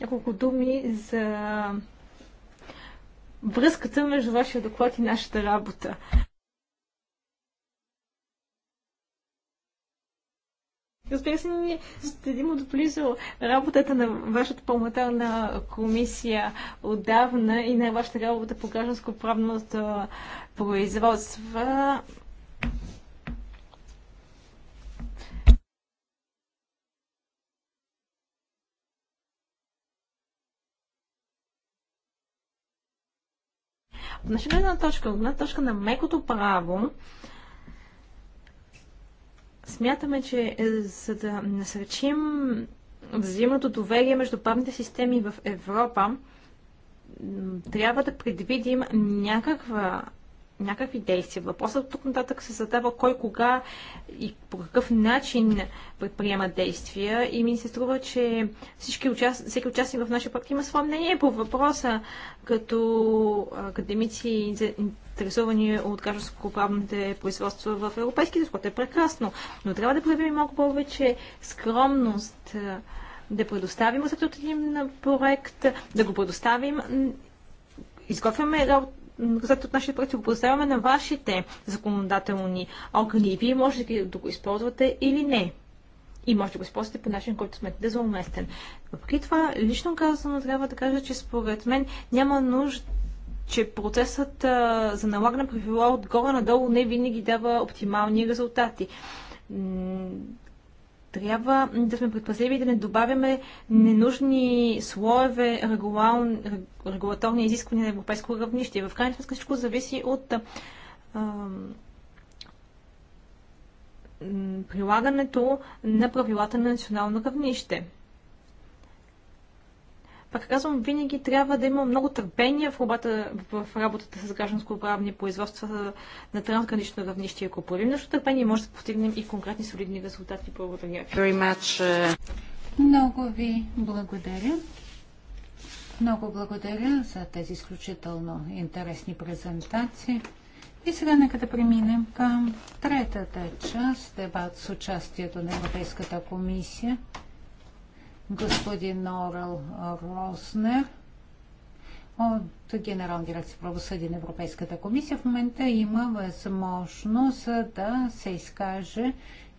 Speaker 1: няколко думи за връзката между вашия доклад и нашата работа. Разбира се, ние следим отблизо работата на вашата пълнотарна комисия отдавна и на вашата работа по гражданско-правната производства. От наша гледна точка, от гледна точка на мекото право, смятаме, че е, за да насречим взаимното доверие между правните системи в Европа, трябва да предвидим някаква някакви действия. Въпросът тук нататък се задава кой, кога и по какъв начин предприема действия и ми се струва, че всички участ... всеки участник в нашия проект има свое мнение по въпроса, като академици интересувани от гражданско-правните производства в европейските, което е прекрасно. Но трябва да проявим малко повече скромност, да предоставим след един проект, да го предоставим изготвяме наказателите от нашите проекти на вашите законодателни органи и вие можете да го използвате или не. И може да го използвате по начин, който сме за уместен. Въпреки това, лично казано, трябва да кажа, че според мен няма нужда че процесът а, за налагане правила отгоре надолу не винаги дава оптимални резултати трябва да сме предпазливи да не добавяме ненужни слоеве регулаторни изисквания на европейско равнище. В крайна сметка всичко зависи от прилагането на правилата на национално равнище. Пак казвам, винаги трябва да има много търпение в работата, в работата с гражданско-правни производства на трансгранично равнище. Ако проявим нашето търпение, може да постигнем и конкретни солидни резултати. Благодаря ви. Uh,
Speaker 3: много ви благодаря. Много благодаря за тези изключително интересни презентации. И сега нека да преминем към третата част, дебат с участието на Европейската комисия господин Орел Роснер от Генерална дирекция правосъдие на Европейската комисия. В момента има възможност да се изкаже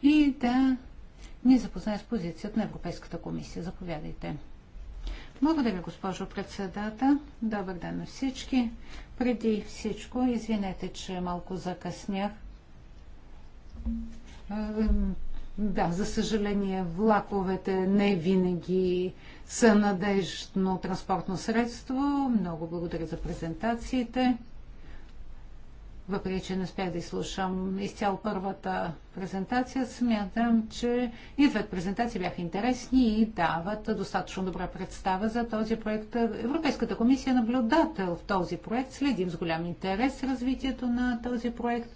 Speaker 3: и да ни запознае с позицията на Европейската комисия. Заповядайте. Благодаря, госпожо председател. Добър ден на всички. Преди всичко, извинете, че малко закъснях. Да, за съжаление, влаковете не винаги са надежно транспортно средство. Много благодаря за презентациите. Въпреки, че не успях да изслушам изцяло първата презентация, смятам, че и двете презентации бяха интересни и дават достатъчно добра представа за този проект. Европейската комисия е наблюдател в този проект. Следим с голям интерес развитието на този проект.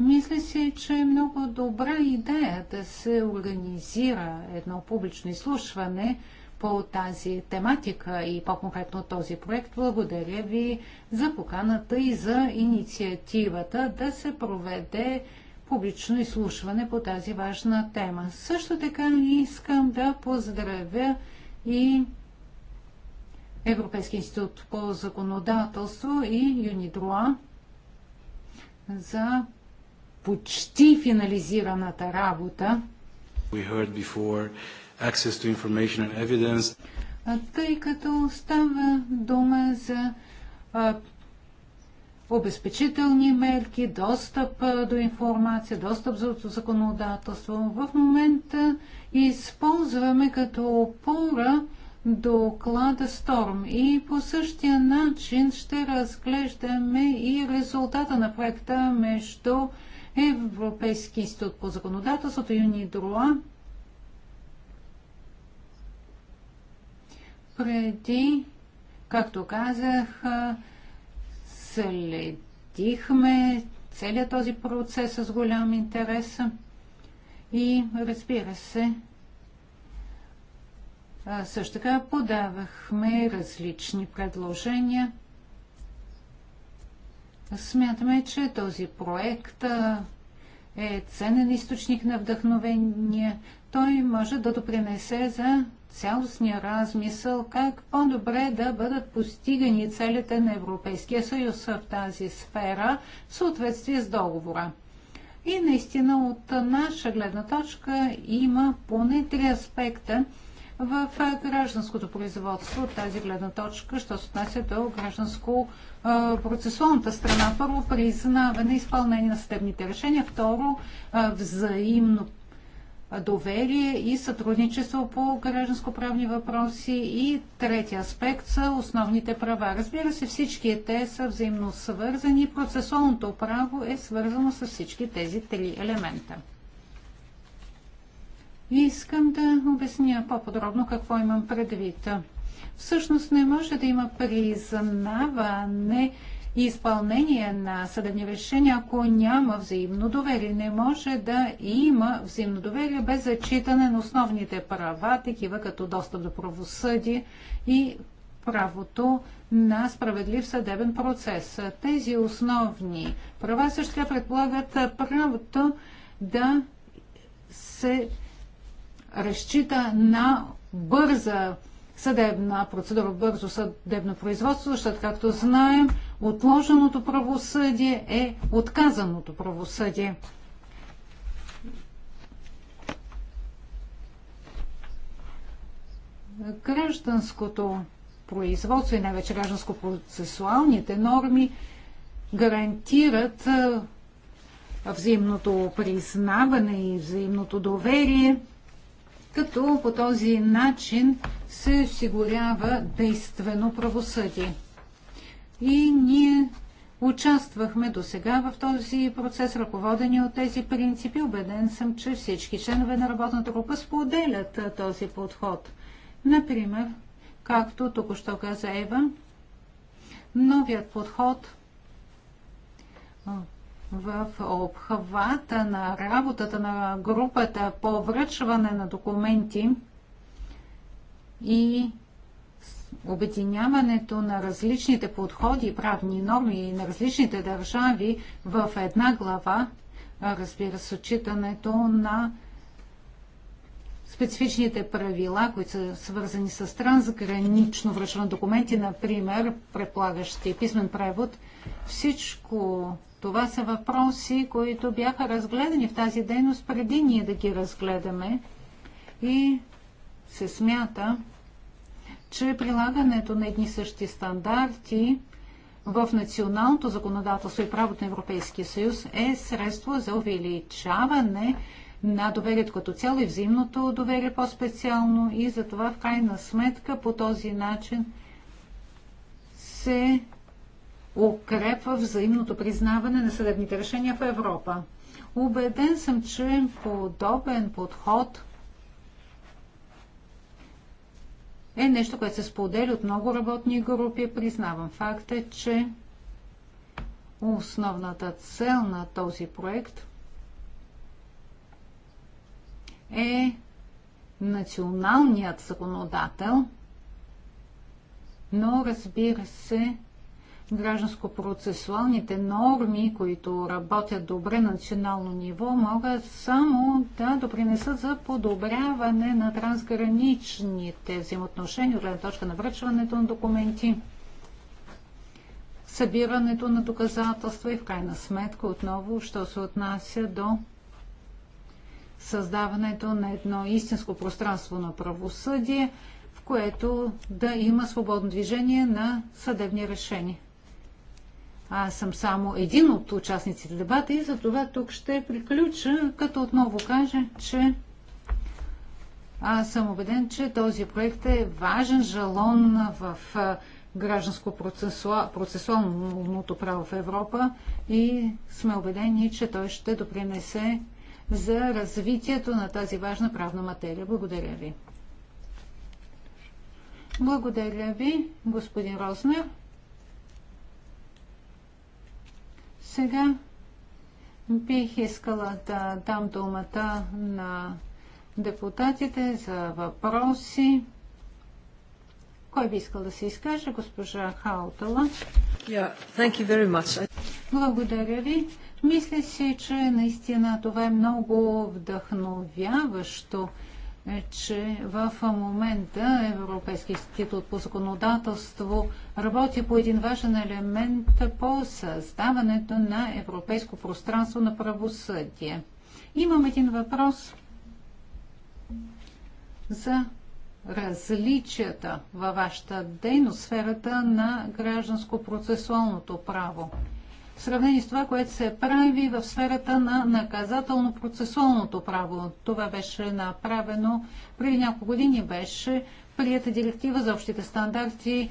Speaker 3: Мисля си, че е много добра идея да се организира едно публично изслушване по тази тематика и по-конкретно този проект. Благодаря ви за поканата и за инициативата да се проведе публично изслушване по тази важна тема. Също така искам да поздравя и Европейски институт по законодателство и ЮНИДРОА за почти финализираната работа.
Speaker 2: Before,
Speaker 3: тъй като става дума за а, обезпечителни мерки, достъп до информация, достъп за законодателство. В момента използваме като опора доклада Storm и по същия начин ще разглеждаме и резултата на проекта между Европейски институт по законодателството Юни Друа преди, както казах, следихме целият този процес с голям интерес и разбира се, също така подавахме различни предложения Смятаме, че този проект е ценен източник на вдъхновение. Той може да допринесе за цялостния размисъл как по-добре да бъдат постигани целите на Европейския съюз в тази сфера в съответствие с договора. И наистина от наша гледна точка има поне три аспекта в гражданското производство от тази гледна точка, що се отнася до гражданско процесуалната страна. Първо, признаване, изпълнение на съдебните решения. Второ, взаимно доверие и сътрудничество по гражданско-правни въпроси. И третия аспект са основните права. Разбира се, всички те са взаимно свързани. Процесуалното право е свързано с всички тези три елемента. И искам да обясня по-подробно какво имам предвид всъщност не може да има признаване и изпълнение на съдебни решения, ако няма взаимно доверие. Не може да има взаимно доверие без зачитане на основните права, такива като достъп до правосъдие и правото на справедлив съдебен процес. Тези основни права също предполагат правото да се разчита на бърза съдебна процедура, бързо съдебно производство, защото, както знаем, отложеното правосъдие е отказаното правосъдие. Гражданското производство и най-вече гражданско-процесуалните норми гарантират взаимното признаване и взаимното доверие като по този начин се осигурява действено правосъдие. И ние участвахме до сега в този процес, ръководени от тези принципи. Обеден съм, че всички членове на работната група споделят този подход. Например, както току-що каза Ева, новият подход в обхвата на работата на групата по връчване на документи и обединяването на различните подходи и правни норми на различните държави в една глава, разбира се, отчитането на специфичните правила, които са свързани с трансгранично връчване на документи, например, предполагащи писмен превод, всичко това са въпроси, които бяха разгледани в тази дейност преди ние да ги разгледаме и се смята, че прилагането на едни същи стандарти в националното законодателство и правото на Европейския съюз е средство за увеличаване на доверието като цяло и взаимното доверие по-специално и затова в крайна сметка по този начин се укрепва взаимното признаване на съдебните решения в Европа. Убеден съм, че подобен подход е нещо, което се споделя от много работни групи. Признавам факта, че основната цел на този проект е националният законодател, но разбира се, гражданско-процесуалните норми, които работят добре на национално ниво, могат само да допринесат за подобряване на трансграничните взаимоотношения от гледна точка на връчването на документи, събирането на доказателства и в крайна сметка отново, що се отнася до създаването на едно истинско пространство на правосъдие, в което да има свободно движение на съдебни решения. Аз съм само един от участниците в дебата и за това тук ще приключа, като отново кажа, че аз съм убеден, че този проект е важен жалон в гражданско-процесуалното право в Европа и сме убедени, че той ще допринесе за развитието на тази важна правна материя. Благодаря ви. Благодаря ви, господин Рознер. Сега бих искала да дам думата на депутатите за въпроси. Кой би искал да се изкаже? Госпожа Хаутала. Yeah, Благодаря ви. Мисля си, че наистина това е много вдъхновяващо е, че в момента Европейски институт по законодателство работи по един важен елемент по създаването на европейско пространство на правосъдие. Имам един въпрос за различията във вашата дейност, сферата на гражданско-процесуалното право в сравнение с това, което се прави в сферата на наказателно-процесуалното право. Това беше направено преди няколко години, беше прията директива за общите стандарти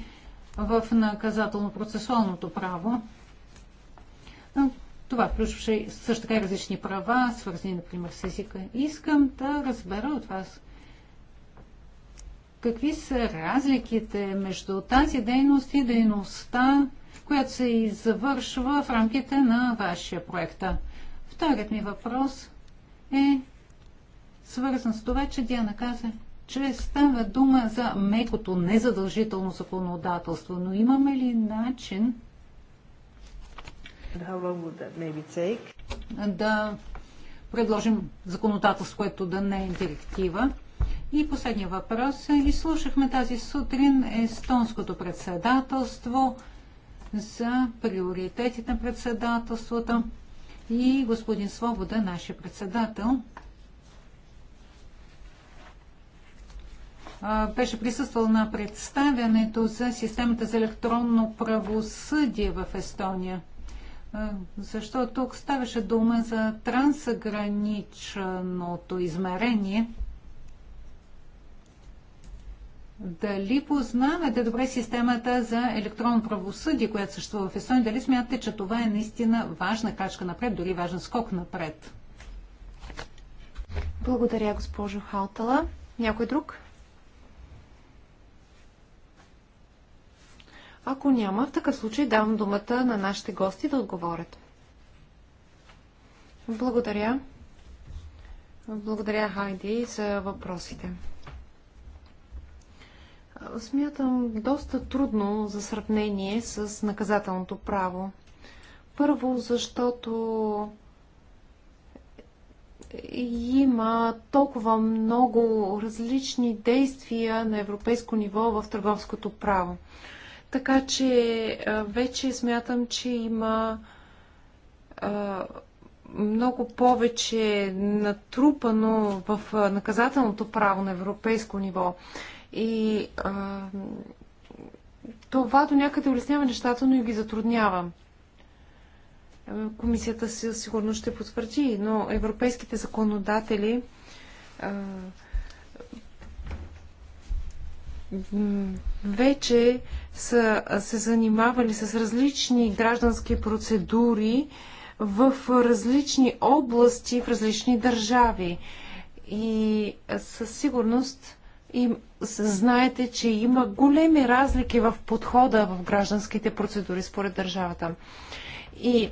Speaker 3: в наказателно-процесуалното право. Това включваше също така различни права, свързани, например, с езика. Искам да разбера от вас какви са разликите между тази дейност и дейността която се извършва в рамките на вашия проект. Вторият ми въпрос е свързан с това, че Диана каза, че става дума за мекото незадължително законодателство, но имаме ли начин да предложим законодателство, което да не е директива? И последния въпрос. Е, Изслушахме тази сутрин естонското председателство за приоритетите на председателството и господин Свобода, нашия председател, беше присъствал на представянето за системата за електронно правосъдие в Естония. Защото тук ставаше дума за трансграничното измерение – дали познавате добре системата за електронно правосъдие, която съществува в Естония? Дали смятате, че това е наистина важна качка напред, дори важен скок напред? Благодаря, госпожо Халтала. Някой друг? Ако няма, в такъв случай давам думата на нашите гости да отговорят. Благодаря. Благодаря, Хайди, за въпросите смятам доста трудно за сравнение с наказателното право. Първо, защото има толкова много различни действия на европейско ниво в търговското право. Така че вече смятам, че има много повече натрупано в наказателното право на европейско ниво. И а, това до някъде улеснява нещата, но и ги затруднява. Комисията си сигурно ще потвърди, но европейските законодатели а, вече са се занимавали с различни граждански процедури в различни области, в различни държави. И със сигурност и знаете, че има големи разлики в подхода в гражданските процедури според държавата. И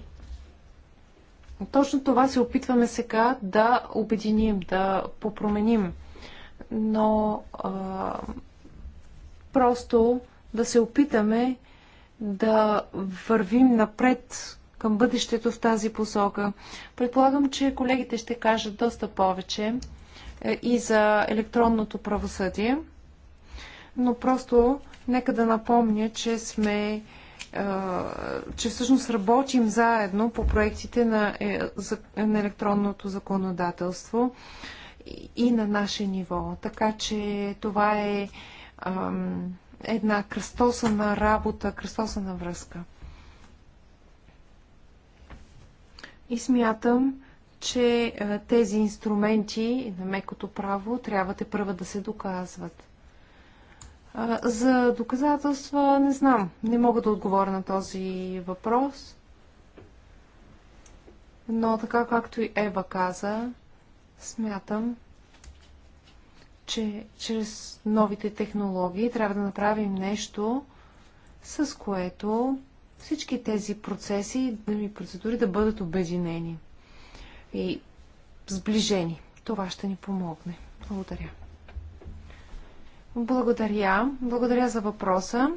Speaker 3: точно това се опитваме сега да обединим, да попроменим. Но а, просто да се опитаме да вървим напред към бъдещето в тази посока. Предполагам, че колегите ще кажат доста повече. Е, и за електронното правосъдие. Но просто нека да напомня, че сме е, че всъщност работим заедно по проектите на, е, на електронното законодателство и на наше ниво. Така че това е ам, една кръстосана работа, кръстосана връзка. И смятам, че е, тези инструменти на мекото право трябва те първа да се доказват. Е, за доказателства не знам. Не мога да отговоря на този въпрос. Но така както и Ева каза, смятам, че чрез новите технологии трябва да направим нещо, с което всички тези процеси и процедури да бъдат обединени и сближени. Това ще ни помогне. Благодаря. Благодаря. Благодаря за въпроса.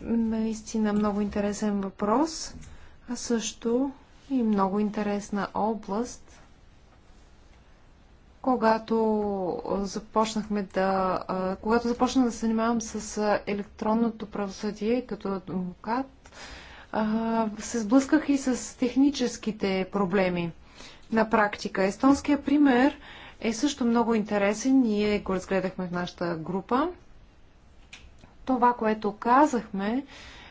Speaker 3: Наистина много интересен въпрос, а също и много интересна област. Когато започнахме да, когато започнах да се занимавам с електронното правосъдие като адвокат, се сблъсках и с техническите проблеми на практика. Естонския пример е също много интересен. Ние го разгледахме в нашата група. Това, което казахме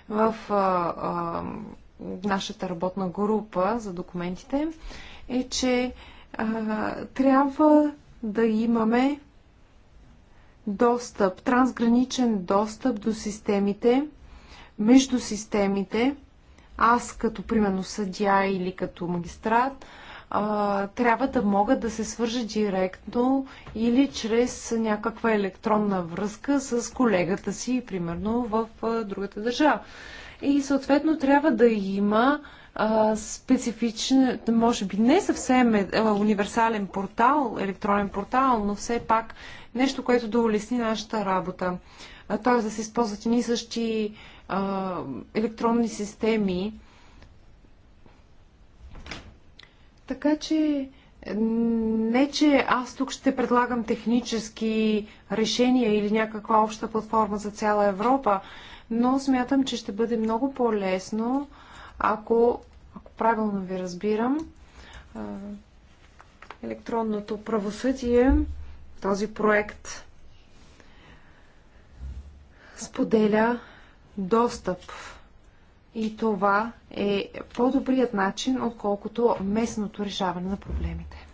Speaker 3: в а, а, нашата работна група за документите, е, че а, трябва да имаме достъп, трансграничен достъп до системите, между системите, аз като примерно съдя или като магистрат трябва да мога да се свържа директно или чрез някаква електронна връзка с колегата си, примерно в другата държава. И съответно трябва да има специфичен, може би не съвсем е, универсален портал, електронен портал, но все пак нещо, което да улесни нашата работа. Тоест да се използват и ни същи а, електронни системи. Така че не, че аз тук ще предлагам технически решения или някаква обща платформа за цяла Европа, но смятам, че ще бъде много по-лесно, ако, ако правилно ви разбирам, електронното правосъдие, този проект споделя достъп. И това е по-добрият начин, отколкото местното решаване на проблемите.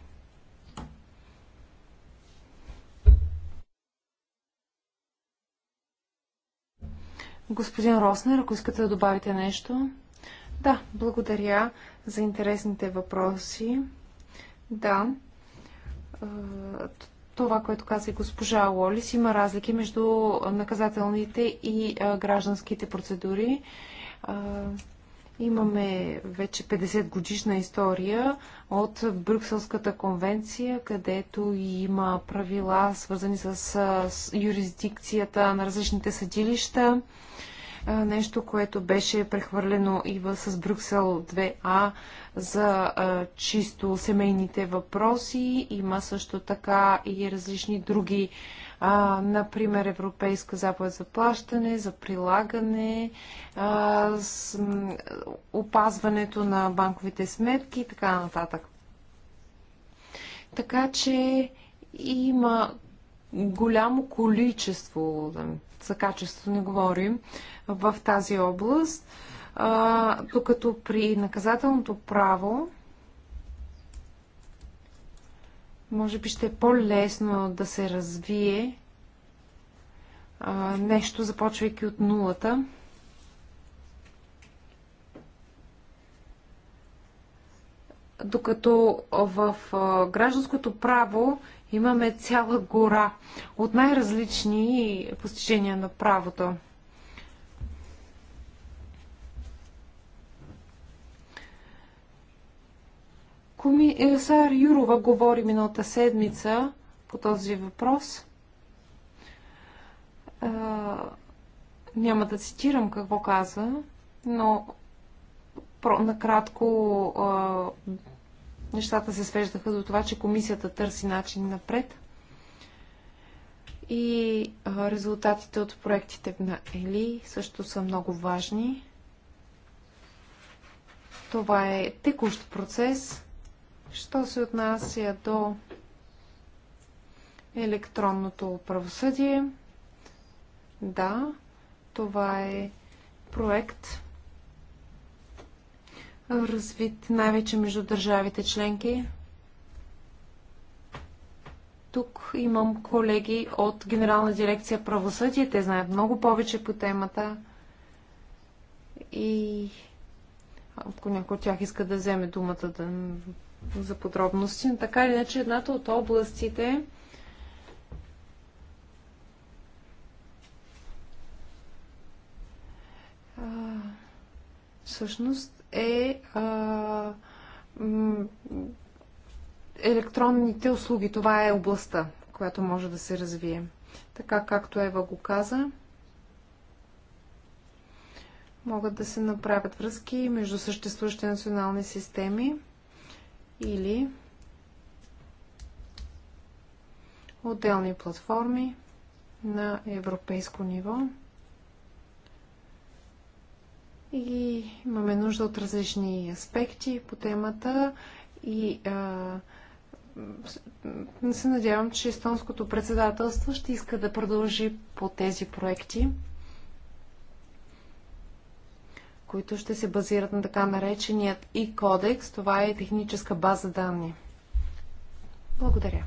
Speaker 3: Господин Роснер, ако искате да добавите нещо. Да, благодаря за интересните въпроси. Да, това, което каза и госпожа Лолис, има разлики между наказателните и гражданските процедури. Имаме вече 50 годишна история от Брюкселската конвенция, където има правила свързани с юрисдикцията на различните съдилища нещо, което беше прехвърлено и с Брюксел 2А за чисто семейните въпроси. Има също така и различни други, например Европейска заповед за плащане, за прилагане, с опазването на банковите сметки и така нататък. Така че има голямо количество, за качество не говорим, в тази област, докато при наказателното право може би ще е по-лесно да се развие нещо, започвайки от нулата. Докато в гражданското право имаме цяла гора от най-различни постижения на правото. Комисар е, Юрова говори миналата седмица по този въпрос. А, няма да цитирам какво каза, но накратко а, нещата се свеждаха до това, че комисията търси начин напред и а, резултатите от проектите на Ели също са много важни. Това е текущ процес Що се отнася до електронното правосъдие, да, това е проект, развит най-вече между държавите членки. Тук имам колеги от Генерална дирекция правосъдие. Те знаят много повече по темата. И ако някой от тях иска да вземе думата да за подробности. Но така или иначе, едната от областите всъщност е а, електронните услуги. Това е областта, която може да се развие. Така както Ева го каза, могат да се направят връзки между съществуващите национални системи или отделни платформи на европейско ниво. И имаме нужда от различни аспекти по темата и а, се надявам, че естонското председателство ще иска да продължи по тези проекти които ще се базират на така нареченият и кодекс. Това е техническа база данни. Благодаря.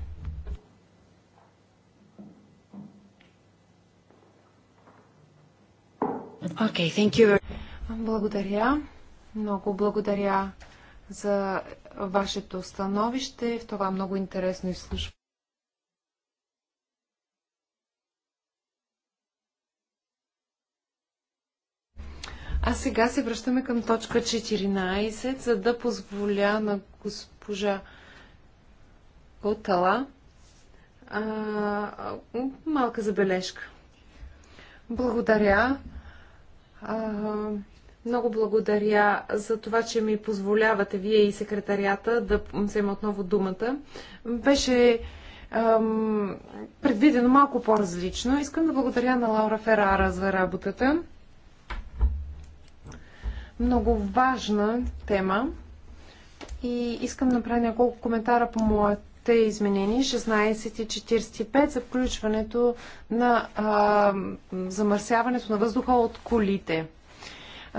Speaker 3: Okay, thank you. Благодаря. Много благодаря за вашето становище в това много интересно изслушване. А сега се връщаме към точка 14, за да позволя на госпожа Котала малка забележка. Благодаря. А, много благодаря за това, че ми позволявате вие и секретарията да взема отново думата. Беше ам, предвидено малко по-различно. Искам да благодаря на Лаура Ферара за работата много важна тема и искам да направя няколко коментара по моите изменения 16.45 за включването на а, замърсяването на въздуха от колите.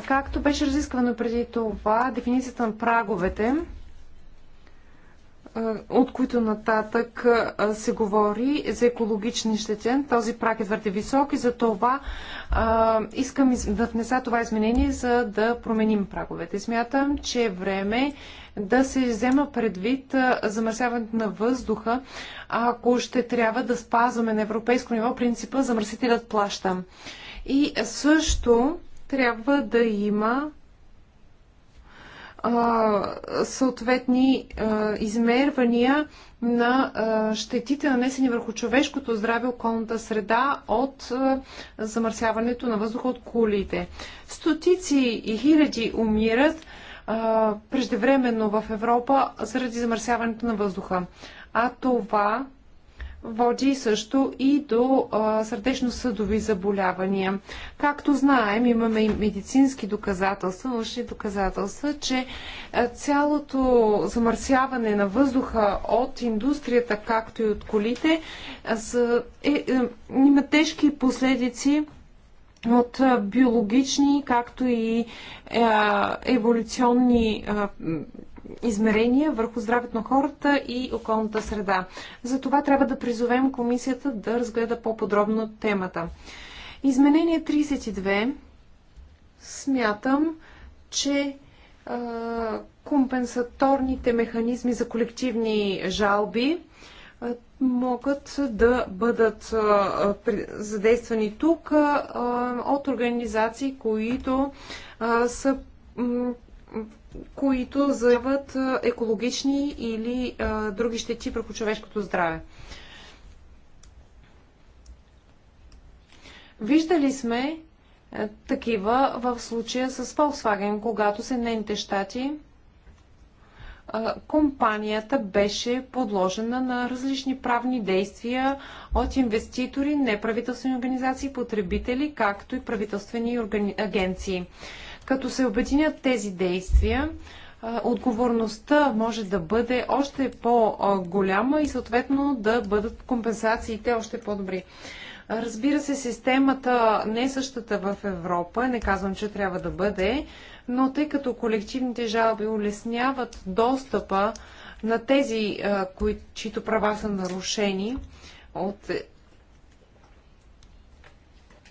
Speaker 3: Както беше разисквано преди това, дефиницията на праговете е, от които нататък е, се говори за екологични щетен. Този прак е твърде висок и за това е, искам да внеса това изменение, за да променим праговете. Смятам, че е време да се взема предвид замърсяването на въздуха, ако ще трябва да спазваме на европейско ниво принципа замърсителят плаща. И също трябва да има съответни измервания на щетите, нанесени върху човешкото здраве, околната среда от замърсяването на въздуха от кулите. Стотици и хиляди умират преждевременно в Европа заради замърсяването на въздуха. А това води също и до сърдечно-съдови заболявания. Както знаем, имаме и медицински доказателства, научни доказателства, че цялото замърсяване на въздуха от индустрията, както и от колите, е, е, има тежки последици от биологични, както и еволюционни измерения върху здравето на хората и околната среда. За това трябва да призовем комисията да разгледа по-подробно темата. Изменение 32 смятам, че е, компенсаторните механизми за колективни жалби могат да бъдат задействани тук от организации, които са които заяват екологични или а, други щети върху човешкото здраве. Виждали сме а, такива в случая с Volkswagen, когато нените щати компанията беше подложена на различни правни действия от инвеститори, неправителствени организации, потребители, както и правителствени органи... агенции. Като се обединят тези действия, отговорността може да бъде още по-голяма и съответно да бъдат компенсациите още по-добри. Разбира се, системата не е същата в Европа, не казвам, че трябва да бъде, но тъй като колективните жалби улесняват достъпа на тези, чието права са нарушени от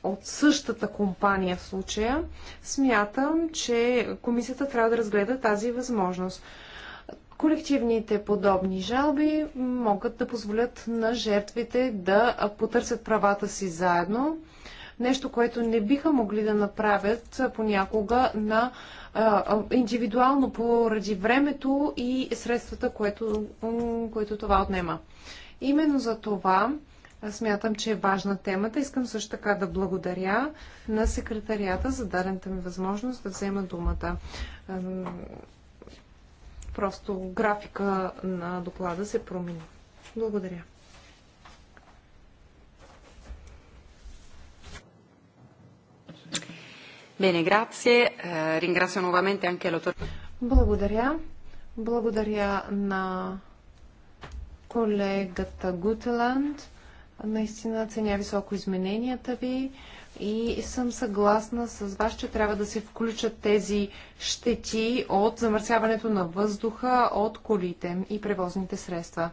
Speaker 3: от същата компания в случая, смятам, че комисията трябва да разгледа тази възможност. Колективните подобни жалби могат да позволят на жертвите да потърсят правата си заедно, нещо, което не биха могли да направят понякога на индивидуално поради времето и средствата, което, което това отнема. Именно за това аз Смятам, че е важна темата. Искам също така да благодаря на секретарията за дадената ми възможност да взема думата. Просто графика на доклада се промени. Благодаря. Bene, grazie. Eh, ringrazio nuovamente anche l'autore. Благодаря. Благодаря на колегата Гутеланд. Наистина ценя високо измененията ви и съм съгласна с вас, че трябва да се включат тези щети от замърсяването на въздуха от колите и превозните средства.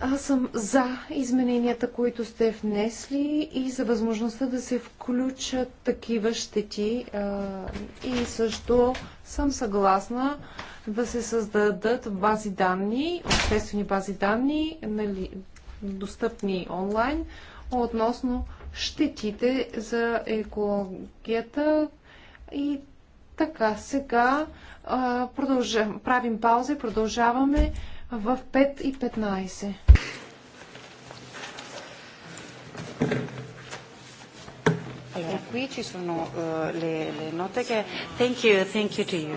Speaker 3: Аз съм за измененията, които сте внесли и за възможността да се включат такива щети. И също съм съгласна да се създадат бази данни, обществени бази данни, нали, достъпни онлайн относно щетите за екологията и така, сега правим пауза и продължаваме в 5.15. Eh, thank you, thank you to you.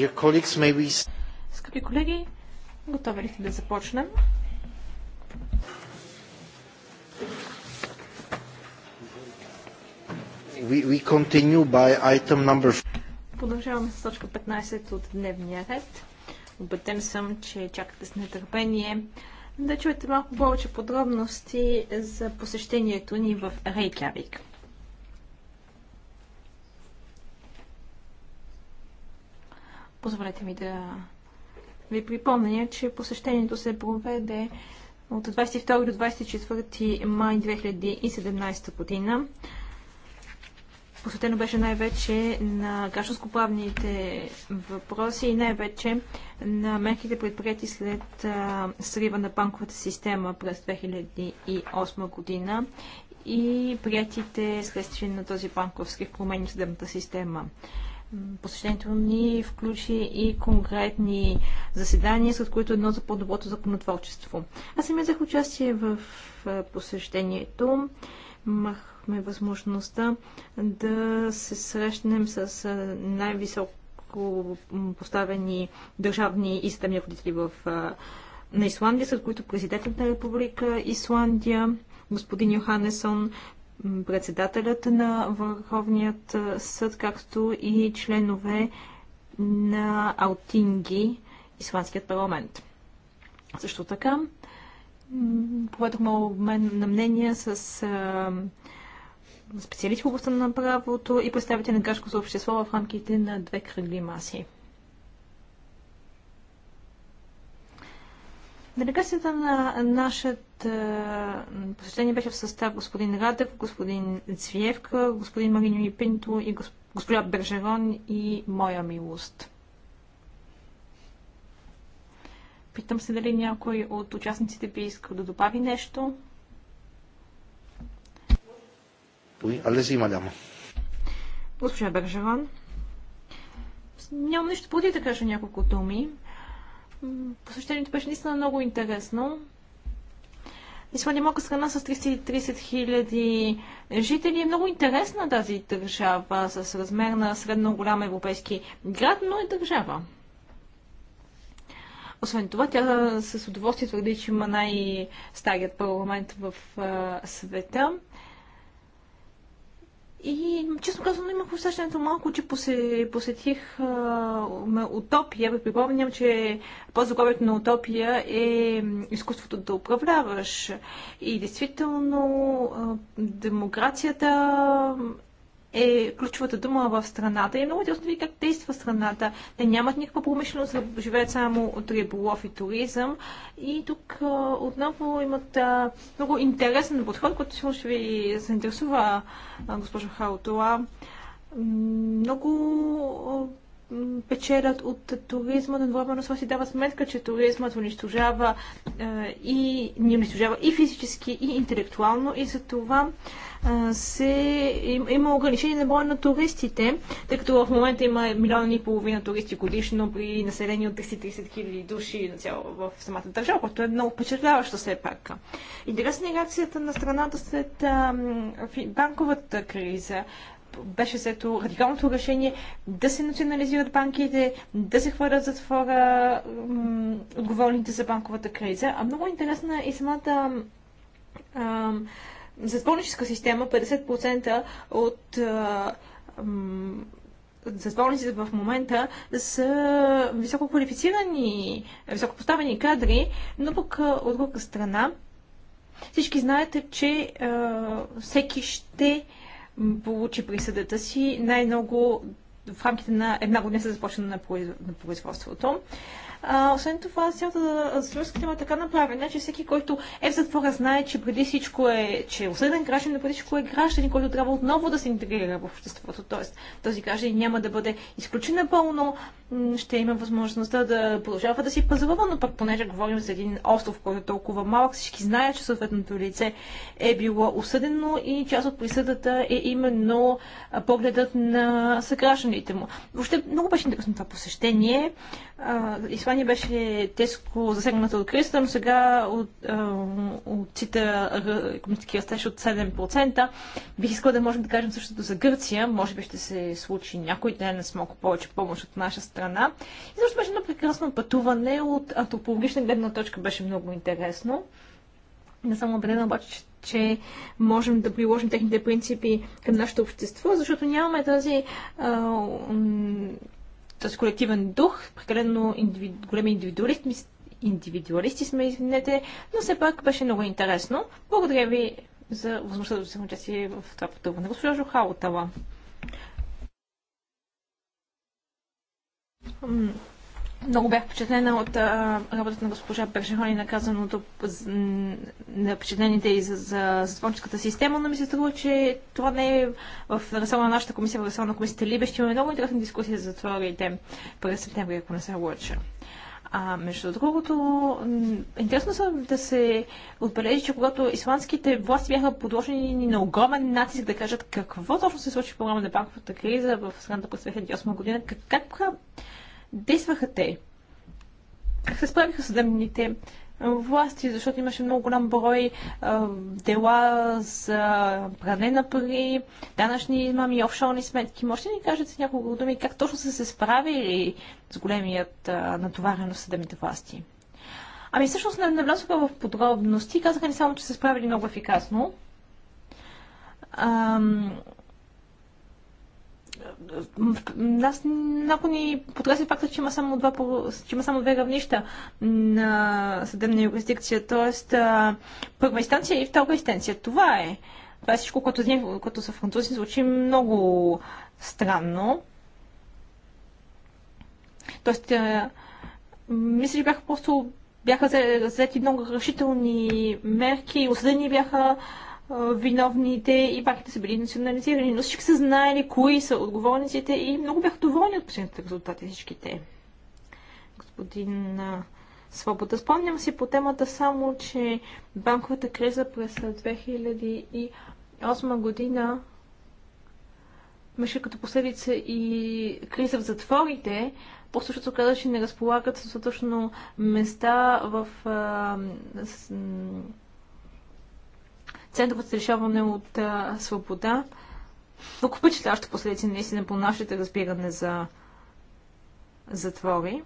Speaker 2: We...
Speaker 1: Скъпи колеги, готови ли сте да започнем?
Speaker 2: We, we
Speaker 1: Продължаваме с точка 15 от дневния ред. Обетен съм, че чакате с нетърпение да чуете малко повече подробности за посещението ни в Рейкявик. ми да ви припомня, че посещението се проведе от 22 до 24 май 2017 година. Посветено беше най-вече на гражданско-правните въпроси и най-вече на мерките предприяти след срива на банковата система през 2008 година и приятите следствие на този банков срив промени в съдебната система. Посещението ни включи и конкретни заседания, след които едно за по-доброто законотворчество. Аз съм взех участие в посещението. Имахме възможността да се срещнем с най-високо поставени държавни и системни родители в, на Исландия, след които президентът на Република Исландия, господин Йоханесон, председателят на Върховният съд, както и членове на Алтинги, Исландският парламент. Също така, проведохме обмен на мнения с специалисти в областта на правото и представители на гражданското общество в рамките на две кръгли маси. Делегацията на нашето посещение беше в състав господин Радев, господин Цвиевка, господин Марино и Пинто и госпожа Бержерон и моя милост. Питам се дали някой от участниците би искал да добави нещо.
Speaker 2: Oui, allez-y,
Speaker 1: Госпожа Бержерон. Нямам нищо против да кажа няколко думи. Посещението беше наистина много интересно. Исландия е малка страна с 330 хиляди жители. Е много интересна тази държава с размер на средно голям европейски град, но е държава. Освен това, тя с удоволствие твърди, че има най-старият парламент в света. И честно казано имах усещането малко, че посетих а, Утопия. Припомням, че по подзаглавието на Утопия е изкуството да управляваш. И действително а, демокрацията е ключовата дума в страната и е много интересно да как действа страната. Те нямат никаква промишленост, живеят само от риболов и туризъм. И тук а, отново имат а, много интересен подход, който сигурно ще ви заинтересува, а, госпожо Хаутова. Много печелят от туризма, но едновременно с си дава сметка, че туризмът унищожава е, и не унищожава и физически, и интелектуално и за това е, се, им, има ограничение на броя на туристите, тъй като в момента има милион и половина туристи годишно при население от 30-30 хиляди души на цяло в самата държава, което е много впечатляващо все пак. Интересна е реакцията на страната след банковата криза беше взето радикалното решение да се национализират банките, да се хвърлят затвора отговорните за банковата криза. А много интересна е и самата затворническа система, 50% от а, м, затворниците в момента са високо квалифицирани, високопоставени кадри, но пък от друга страна всички знаете, че а, всеки ще получи присъдата си. Най-много в рамките на една година се започна на, производството. А, освен това, цялата съюзка тема е така направена, че всеки, който е в затвора, знае, че преди всичко е, че е осъден граждан, преди всичко е граждан, който трябва отново да се интегрира в обществото. Тоест, този граждан няма да бъде изключен напълно, ще има възможността да продължава да си пазарува, но пък понеже говорим за един остров, който е толкова малък, всички знаят, че съответното лице е било осъдено и част от присъдата е именно погледът на съгражданите му. Въобще много беше интересно това посещение. Испания беше тежко засегната от кризата, но сега от, цита економически растеж от 7%. Бих искала да можем да кажем същото за Гърция. Може би ще се случи някой ден с малко повече помощ от наша страна страна. И също беше едно прекрасно пътуване от антропологична гледна точка, беше много интересно. Не съм убедена обаче, че че можем да приложим техните принципи към нашето общество, защото нямаме тази, а, този колективен дух, прекалено индивиду, големи индивидуалисти, индивидуалисти сме, извинете, но все пак беше много интересно. Благодаря ви за възможността да се участие в това пътуване. Госпожа Жохалотава. Много бях впечатлена от а, работата на госпожа Пержерон наказано наказаното на впечатлените и за, за система, но ми се струва, че това не е в ресора на нашата комисия, в ресора на комисията Либе. Ще имаме много интересна дискусия за затворите през септември, ако не се лъча. А между другото, интересно съм да се отбележи, че когато исландските власти бяха подложени на огромен натиск да кажат какво точно се случи по време на банковата криза в страната през 2008 година, как, как действаха те? Как се справиха съдебните власти, защото имаше много голям брой а, дела за пране на пари, данъчни измами, офшорни сметки. Може ли ни кажете с няколко думи как точно са се справили с големият а, натоварен в съдебните власти? Ами всъщност не, навлязоха в подробности, казаха ни само, че се справили много ефикасно. Ам, нас много ни потресе факта, че има само, два, че има само две равнища на съдебна юрисдикция, т.е. първа инстанция и втора инстанция. Това е. Това е всичко, което, което са французи, звучи много странно. Тоест, мисля, че бяха просто бяха взети много решителни мерки, и осъдени бяха виновните и банките са били национализирани, но всички са знаели кои са отговорниците и много бях доволни от последните резултати всичките. Господин Свобода, спомням си по темата само, че банковата криза през 2008 година имаше като последица и криза в затворите, после защото се оказа, че не разполагат с места в а, с, Центърът за решаване от а, свобода. Много впечатляващо последици наистина по нашите разбиране за затвори.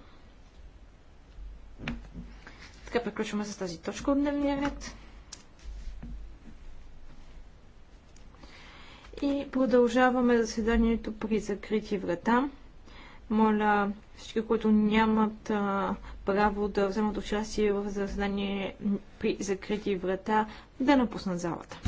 Speaker 1: Така приключваме с тази точка от дневния ред. И продължаваме заседанието при закрити врата. Моля всички, които нямат а, право да вземат участие в заседание при закрити врата, да напуснат залата.